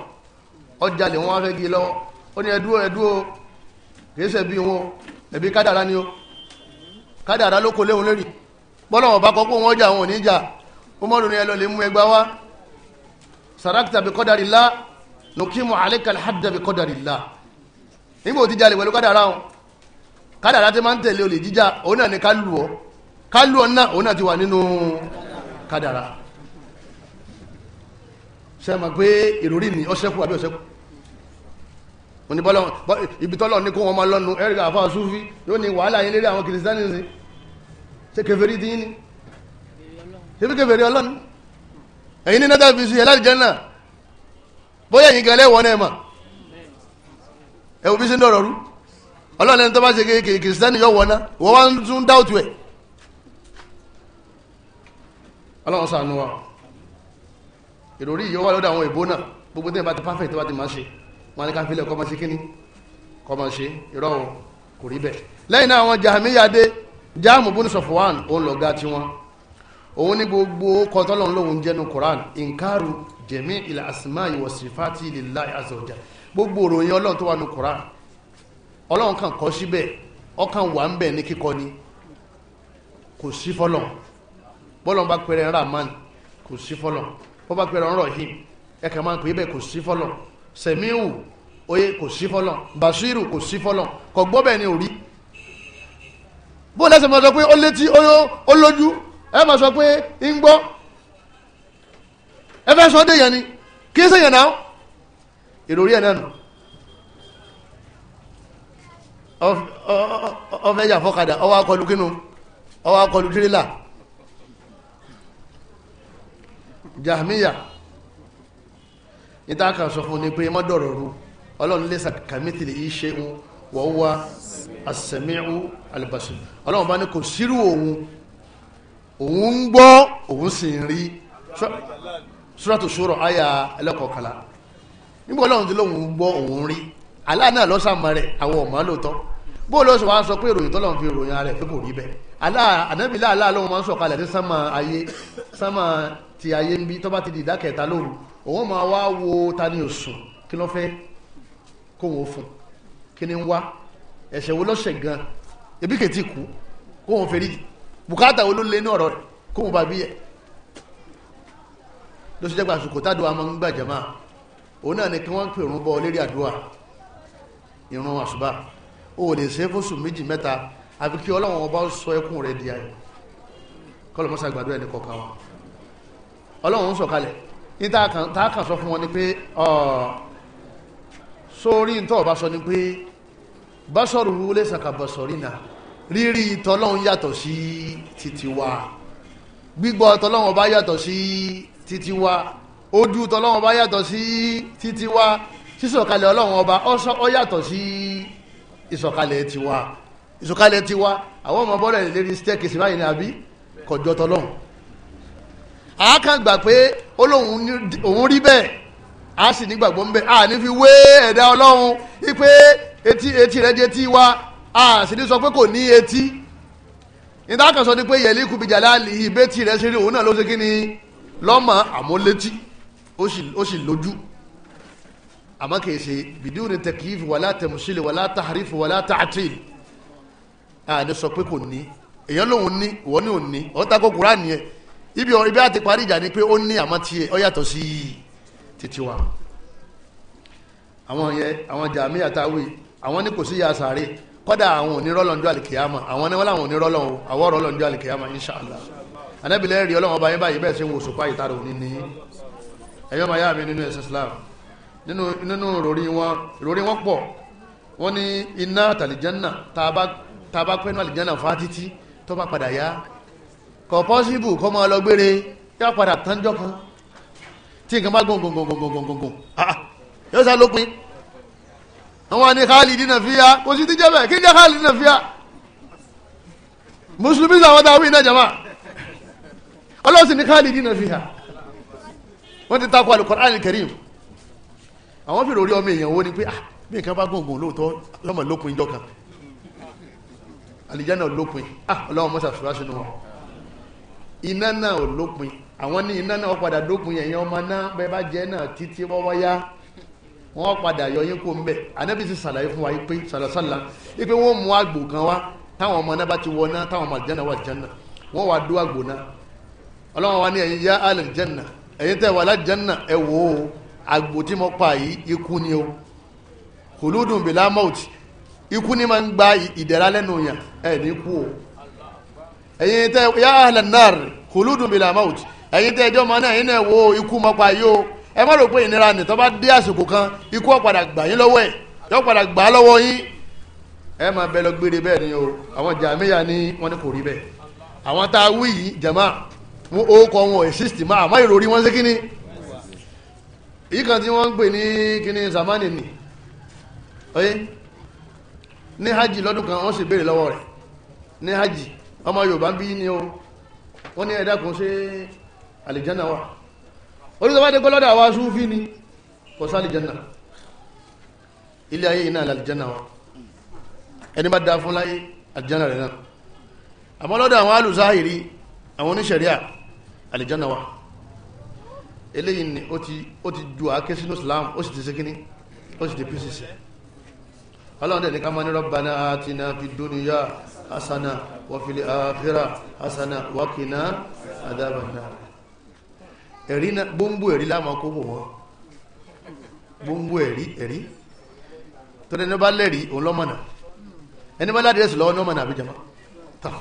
[SPEAKER 1] ọjàlè wọn wá fẹ́ gé e lọ́wọ́ ó ní ẹdúró ẹdúró kìí ṣe bí wọn ẹbí kádàrá ni ó kádàrá ló kó léwọn lórí bọ́lọ́wọ́n bá kọ́ pé wọ́n jà wọn ò ní jà Umar ní ẹ lè mú ẹgbàá wá sarakta bi qadarillah nukimu alayka hadda bi qadarillah nígbà ó ti jalè pẹ̀lú kádàrá wọn kádàrá tí máa ń tẹ̀lé olè jíjà òun náà ni ká lù ọ́ ká lù ọ́ náà òun náà ti wà nínú kádàrá ṣe mọ̀ pé ìròrí ni ọ̀ṣẹ́kù àbí ọ̀ṣẹ́kù òní bọ́lọ́ ibi tọ́lọ́ ní kó wọn máa lọ́nu ẹ̀rí àfa sufi yóò ní wàhálà yín lérí àwọn kìrìsìtánì sí ṣe kèfèrí dín ní ṣe fi kèfèrí ọlọ́ni ẹ̀yin ní nátà fi ṣe jẹ́ náà bóyá ẹ̀yin gẹ̀lẹ́ wọ́n náà mà ẹ̀ wò bí ṣe ń rú ọlọ́run lẹ́nu tó bá ṣe kéèké kìrìsìtẹ́nì yọ̀ wọ́ná wọ́n wá ń tún dáwọ́tù ẹ̀ ọlọ́run ṣàánú wa ìròrí yìí wà lọ́dọ̀ àwọn ìbò náà gbogbo tẹ́lẹ̀ bá ti perfect tó bá ti máa ṣe wọn ni ká filẹ̀ kọ́ máa ṣe kíní kọ́ máa ṣe irọ́ o kò rí bẹ́ẹ̀ lẹ́yìn náà àwọn jahamiyade jaamu bunu sọfwan òun lọ́gá tiwọn òun ní gbogbo kọtọ́lọ́n inkaru jẹ̀mí ilẹ̀ asimá ìwọ̀sífàtì lillahi azza wa jalla gbogbo òròyìn ọlọ́run tó wà ní Quran ọlọ́run kan kọ́ síbẹ̀ ọkàn wà ń bẹ̀ ní kíkọ́ ni kò sí fọlọ́ bọ́lọ́n bá pẹ̀rẹ̀ rahman kò sí fọlọ́ bọ́ bá pẹ̀rẹ̀ rahim ẹ̀ka máa ń pè é bẹ́ẹ̀ kò sí fọlọ́ sẹ̀míhù oye kò sí fọlọ́ basiru kò sí fọlọ́ kò gbọ́ bẹ́ẹ̀ ni ò rí bó lẹ́sẹ̀ máa sọ pé ó létí ó lójú ẹ máa sọ pé ń gbọ́ ẹ fẹ́ sọ ọ́ dé yẹn ni kí ń sèyàn náà ìròrí ẹ̀ náà nù. ọfẹ́ yà fọ́kadà ọwọ́ akọlù kínú akọlù tírélà jahmiya níta kan sọ fún ni pé mọ́dọ̀rọ̀ ru ọlọ́run lẹ́sà kàmítìlì iṣẹ́ ń wọ́n wá asẹ̀míhù alìbàṣẹ̀ ọlọ́run bá ní kò sírù òun òun ń gbọ́ òun sì ń rí àyà Allah náà ló sàmọ́ rẹ̀ àwọn ọ̀mọ́ lóòótọ́ bó ló sì wá sọ pé ìròyìn tọ́lọ̀ ń fi ìròyìn rẹ̀ pé kò rí bẹ́ẹ̀ Allah ànábì láàlá lóun máa ń sọ̀kalẹ̀ sí sánmà ayé sánmà ti ayé ń bí tó ti di ìdákẹ́ta lóru òun máa wá wo ta ni òsùn kí ló fẹ́ kó wọn fún kí ni wá ẹ̀ṣẹ̀ wo lọ́sẹ̀ gan ebi kìí ti kú kó wọn fẹ́ rí bùkátà wo ló lé ní ọ̀rọ̀ rẹ̀ kó wọn bá bí yẹ ló sì jẹ́ gbàsùkò tádùn àmọ́ ń gbàjẹ́ máa òun náà ni kí wọ́n pè òun bọ́ lérí irun àṣùbà o ò lè ṣe é fóṣù méjì mẹ́ta àfi kí ọlọ́run ọba sọ ẹkún rẹ di ayọ̀ kọlọ̀ mọ́sá gbàdúrà ẹni kọ̀ọ̀kan wa ọlọ́run ń sọ̀kalẹ̀ ní táàkàn sọ fún wọn ni pé sórí ntọ́ ọba sọ ni pé básọ̀rù wúlé sàkàbọ̀sọ̀rì náà rírí tọ́lọ́run yàtọ̀ sí títí wa gbígbọ́ tọ́lọ́run ọba yàtọ̀ sí títí wa ojú tọ́lọ́run ọba yàtọ̀ sí títí wa sísọ̀kalẹ̀ ọlọ́run ọba ọ yàtọ̀ sí ìsọ̀kalẹ̀ tiwa ìsọ̀kalẹ̀ tiwa àwọn ọmọ bọ́ọ̀lẹ̀ lérí staircase báyìí ni àbí kọjọ tọlọ́run àákàn gbà pé olóhùn òun rí bẹ́ẹ̀ a sì nígbàgbọ́ ń bẹ a ní fi wé ẹ̀dá ọlọ́run wípé etí etí rẹ̀ jẹ́ tí wa a sì ní sọ pé kò ní etí nígbà kan sọ ni pé yẹlí kùbìjà láàlì ìbẹ́tì rẹ̀ ṣe rí òun náà ló ṣe kí ni lọ́mọ àmọ́létí ó sì lójú àmọ́ kìí ṣe bìdíwò ní tẹkìíf wàlá tẹmùsílẹ̀ wàlá tàhárìf wàlá tààtìl àní sọ pé kò ní èèyàn lòun ní ìwọ ní òun ní ọ̀hún tako kura nìyẹn ibi ibi àti parí ìjà ni pé ó ní àmọ́ tiẹ̀ ó yàtọ̀ sí títí wa àwọn yẹn àwọn jàmí àtàwé àwọn ní kò sí ya sàárè kọ́dà àwọn òní rọ́lọ́njọ́ àlìkèyàmọ́ àwọn ní wọ́n làwọn òní rọ́lọ́n o àwọn rọ́lọ́njọ́ àlìkèyàmọ́ inṣàlá anábìlẹ̀ rí ọlọ́wọ́n ọba báyìí bẹ́ẹ̀ ṣe ń wò sùpá ìtara òní ní ẹ̀yọ́ máa yá mi nínú ẹ̀sìn Islam nínú nínú ìròrí wọn ìròrí wọn pọ̀ wọ́n ní iná àtàlìjánà tá a bá pẹ́ nínú àlìjánà fún atítí tó bá padà yá kò pọ́sibù kó máa lọ gbére yá padà tánjọ́ kan tí nǹkan bá gbọ̀ngbọ̀ngbọ̀ngbọ̀ngbọ̀ngbọ̀ngbọ̀ngbọ̀n ah, ah. yóò sá lópin àwọn àni khalidina fiya kò sí ti jẹ́ bẹ́ẹ̀ kí ni khalidina fiya mùsùlùmí làwọn tá a wí iná jama ọlọ́sìn ni khalidina fiya wọ́n ti takò al-Qur'an al-Karim àwọn bèrè orí ọmọ èèyàn wo ni pé ah bí nǹkan bá gùngùn lóòótọ́ lọ́mọ lópin ìjọ kan àlìjáná lópin ah ọlọ́run mọ́sà fìwá sínú wọn iná náà ò lópin àwọn ní iná náà padà dópin ẹ̀yìn ọmọ náà bẹ́ẹ̀ bá jẹ́ náà títí wọ́wọ́yá wọ́n padà yọ yín kó ń bẹ̀ anábì ti sàlàyé fún wa yìí pé sàlàsàlà yìí pé wọ́n mú àgbò kan wá táwọn ọmọ náà bá ti wọ náà táwọn ọmọ àlìjáná wà àlìjáná wọ́n wà dó àgbò náà ọlọ́run wa ní ẹ̀yin yá àlìjáná ẹ̀yin tẹ́ wà àlìjáná ẹ̀ wò ó àgbò tí mo pa yìí ikú ni o khuludun bila maut ikú ni máa ń gba ìdẹ̀ra lẹ́nu yàn ẹ̀ ní kú o ẹ̀yin tẹ́ yá ahlan nar khuludun bila maut ẹ̀yin tẹ́ ẹjọ́ mọ́ náà ẹ̀yin náà wo ikú mo pa yìí o ẹ má rò pé ìnira nì tó bá dé àsìkò kan ikú ó padà gbà yín lọ́wọ́ ẹ̀ yó padà gbà á lọ́wọ́ yín ẹ máa bẹ lọ gbére bẹ́ẹ̀ ni o àwọn jàmíyà ni wọ́n ní kò rí bẹ́ẹ̀ àwọn tá a wí yìí jàmá wọn kọ wọn ẹ̀ sísìtì máa àmọ́ ìròrí wọn ṣe kí ni èyí kan tí wọ́n ń pè ní kíní zamani ni oye ní hajj lọ́dún kan wọ́n sì béèrè lọ́wọ́ rẹ̀ ní hajj ọmọ yorùbá ń bí ní o wọ́n ní ẹ̀dá kan ṣe àlìjánà wà oríṣiríṣi àti gbọ́lọ́dà wa súnfí ni kò sí àlìjánà ilé ayé iná àlìjánà wa ẹni bá da fún láyé àlìjánà rẹ̀ náà àmọ́ lọ́dọ̀ àwọn alùsáhìrí àwọn oníṣẹ̀ríà àlìjánà wa eléyìí ni ó ti ó ti ju àáké sínú islam ó sì ti sékíní ó sì ti pcc ọlọ́run dẹ̀ ní ká máa ní rabbana atina fid dunya hasana wa fil akhirah hasana wa qina ẹ̀rí náà gbóngbó ẹ̀rí láàmà kó wò wọ́n gbóngbó ẹ̀rí ẹ̀rí tó dẹni bá lẹ́rí òun lọ́mọ̀nà ẹni bá ládìrẹ́sì lọ́wọ́ ní ọmọ nàbí jama tán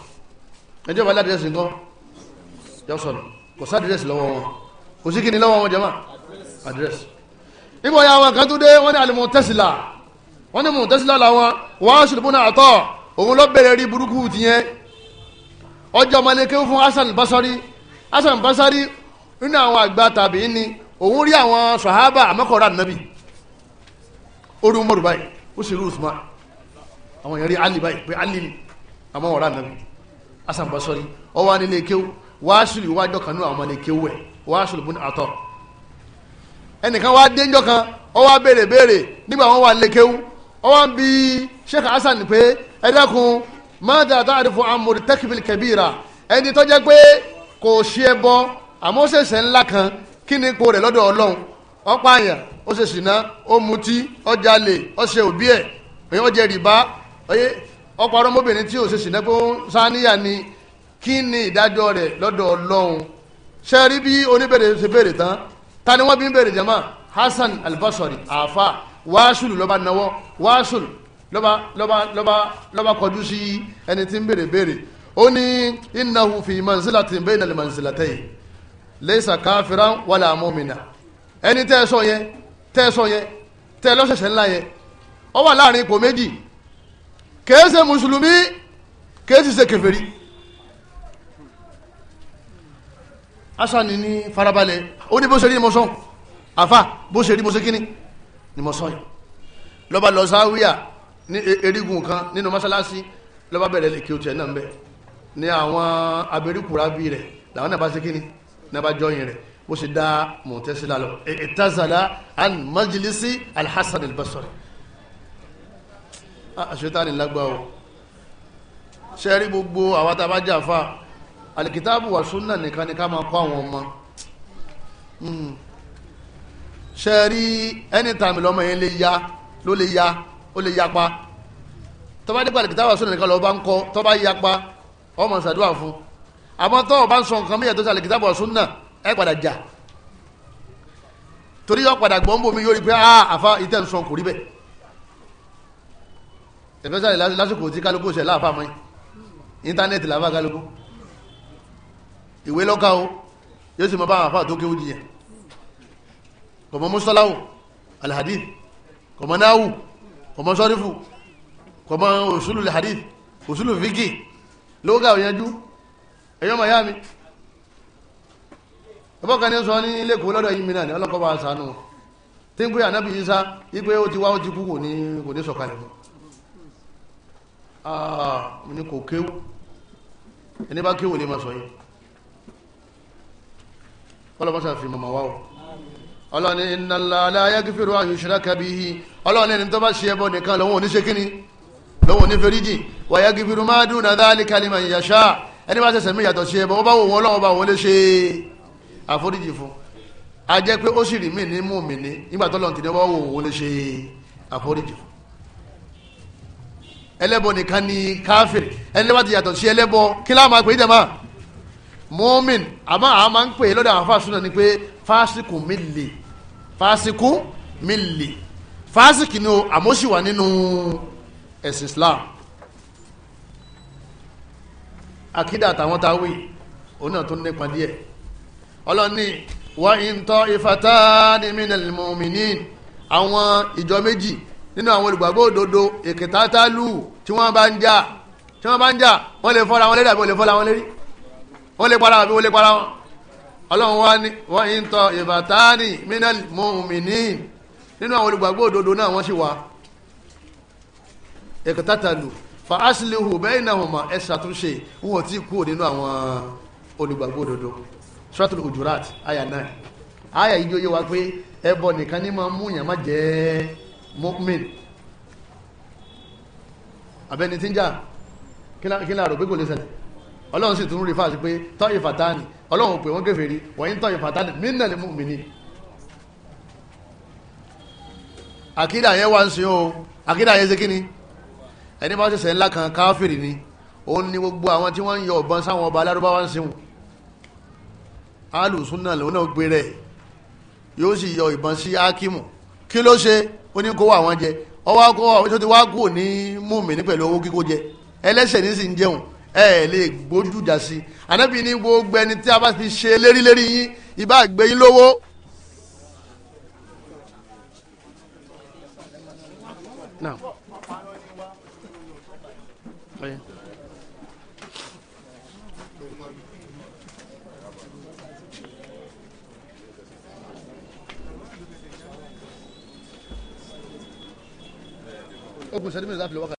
[SPEAKER 1] ẹjọ́ bá ládìrẹ́sì nǹkan yọ sọ̀rọ̀ kò sádìrẹ́sì lọ́wọ́ wọn kò sí kìnnì lọ́wọ́ wọn jẹ́ máa address nígbà ọ̀yà àwọn kan tó dé wọ́n ní al-Mu'tazila wọ́n ní Mu'tazila làwọn wọ́n ṣùgbọ́n náà tọ̀ òun ló bẹ̀rẹ̀ rí burúkú Basari Hasan Basari nínú àwọn àgbà tàbí ni òun rí àwọn sàhábà àmọ́kọ̀ọ́rà nàbì báyìí ó sì usman àwọn rí ali báyìí pé Basari ọwọ́ àwọn wẹ̀ Washul bun Ata ẹnìkan wa déńjọ́ kan ó wá béèrè béèrè nígbà wọn wà lékewu ó bi Sheikh Hasan pé ẹ dákun mọ́tà ta'rifu an murtakbil kabira ẹni tó jẹ́ pé kò ṣe é bọ́ àmọ́ ó ṣẹ̀ṣẹ̀ ńlá kan kí ni ipò rẹ̀ lọ́dọ̀ Ọlọ́run ó pààyàn ó ṣe ṣìnà ó mutí ó jalè ó òbí ẹ òye ó jẹ rìbá òye ọ̀pọ̀ tí ó ṣe ṣìnà pé ó sáníyà ni kí ni ìdájọ́ rẹ̀ lọ́dọ̀ Ọlọ́run sẹ́ẹ̀rí bí oníbèrè ṣe béèrè tán ta ni wọ́n bí ń béèrè jama Hasan al-Basri àfa wáṣùlù lọ́ba nawọ́ wáṣùlù lọ́ba lọ́ba lọ́ba lọ́ba kọjú sí ẹni tí ń béèrè béèrè ó ní innahu fi manzilatin bayna al-manzilatayn laysa kafiran wala mu'mina ẹni tẹ́ ẹ sọ yẹn tẹ́ sọ yẹn tẹ́ lọ́sẹ̀sẹ̀ ńlá yẹn ó wà láàrin ipò méjì kèé ṣe mùsùlùmí kèé asani ní farabalẹ̀ ó ní bó ṣe rí mo sọ àfa bó ṣe rí mo ṣe kíní ni mo sọ yìí lọ́ba lọ sáwíà ní e-, erigun kan nínú mọ́sálásí lọ́ba bẹ̀rẹ̀ lè kí o tiẹ̀ náà ń bẹ̀ ní àwọn abẹ́rìkúra bíi rẹ̀ làwọn náà bá ṣe kíní náà bá jọyìn rẹ̀ bó ṣe dá mọ̀tẹ́sílá lọ ìtazàlá e-, an majlisi alhassan albasori ah ṣe tá ni lágbá o ṣe rí gbogbo àwọn tá a bá jà fáà alikitaabu wa sunna nìkan ni ká máa kọ́ àwọn ọmọ hmm. ṣe rí anytime lọ́mọ yẹn lè ya ló lè ya ó lè yapa tọ́ba nípa alikitaabu wa sunna nìkan lọ́ọ́ bá ń kọ́ tọ́ba yapa ọmọ ṣàdúrà fún àmọ́ tọ́ọ̀ bá ń sọ nǹkan mìíràn tó ṣe alikitaabu wa sunna ẹ padà jà torí yọ padà gbọ́n bomi yóò rí pé ah, àfa ìtẹ̀ ń sọ kò rí bẹ́ẹ̀ ẹ̀fẹ́ sáré lásìkò tí kálukú ṣe láàfáà mọ́ yìí íńtánẹ́ẹ̀tì kálukú ìwé lọ́ka o yóò sì mọ bá àwọn àfáà tó kéwú jiyàn kọ̀mọ́ mùsọ́láwò alhadith kọ̀mọ́ náwù kọ̀mọ́ sọ́rífù kọ̀mọ́ òṣùlù alhadith òṣùlù fíkì lóga òyanjú ẹ̀yọ́ miami ẹ̀bọ́ kan ní sọ ní lẹ́kọ̀ọ́ lọ́dọ̀ yìí mìíràn ní ọlọ́kọ̀ bá sànú tí ń pè ànábì Ìsá wípé ó ti wá ó ti kú kò ní kò ní sọ̀kalẹ̀ mọ́ ah ní kò kéwú ẹni bá kéwú lè máa sọ yìí kọlọmọsà fi mọ̀mọ́ wá o ọlọ́ni ìnàlá aláyàgífèrò àyùṣẹ́lá kàbí yìí ọlọ́ni ẹni tó bá ṣe ẹbọ nìkan lòun ò ní ṣe kíni lòun ò ní fẹ́ríjì wàyàgífèrò máa dùn náà dáálí kalima ìyàṣá ẹni bá ṣẹ̀ṣẹ̀ mí yàtọ̀ ṣe ẹbọ ó bá wò wọn ọlọ́wọ́ bá wọn lè ṣe àforíjì fún a jẹ́ pé ó sì rí mí ní mú mi ní nígbà tó lọ́n ti ní wọ́n wò wọn lè ṣe é jẹ́ mọ́mìn àmọ́ àwọn máa ń pè é lọ́dọ̀ àwọn afáàsùn náà ni pé fásikù mi lè fásikù mi lè fásikì ni o àmọ́ sì wà nínú ẹ̀sìn Islam akídà àtàwọn tá a wí òun náà tó nípa díẹ̀ ọlọ́ni wà ń tọ́ ìfàtà ní minal mu'minin àwọn ìjọ méjì nínú àwọn olùgbàgbọ́ òdodo èkìtà tálù tí wọ́n bá ń jà tí wọ́n bá ń jà wọ́n lè fọ́ra wọn lérí àbí wọ́n lè fọ́ra wọn lérí. ó lè para wọn àbí lè para wọn ọlọ́run wá ní wọ́n yìí nínú àwọn olùgbàgbọ́ òdodo náà wọ́n sì wá ẹ̀kọ́tàtàlù fa asìlẹ̀hù bẹ́ẹ̀ náà wọ́n mọ̀ ẹ ṣàtúnṣe wọn ò tí kú nínú àwọn olùgbàgbọ́ òdodo àyà náà àyà yìí yóò wá pé ẹbọ nìkan ní máa mú yàn má jẹ́ abẹ́ni ọlọ́run sì tún rí fáṣí pé tọ́yì fàtánì ọlọ́run pè wọ́n kèfèrí wọ̀nyí tọ́yì fàtánì mínàlì mùmìnì àkídà yẹn wá ń sin o àkídà yẹn ṣe kíni ẹni bá ṣẹ̀ṣẹ̀ ńlá kan káfìrì ni òun ni gbogbo àwọn tí wọ́n ń yọ ọ̀bọ̀n sáwọn ọba alárúbáwá ń sinwó alùsùn náà lòun náà gbé rẹ̀ yóò sì yọ ìbọn sí ákímù kí ló ṣe ó ní kó wá àwọn jẹ ọwọ́ kó àwọn ẹ ẹ lè gbójújà sí ànábì ní gbogbo ẹni tí a bá fi ṣe lérílérí yín ìbá gbé yín lówó. Ogun sẹ́dí mi láti lè wákàtí.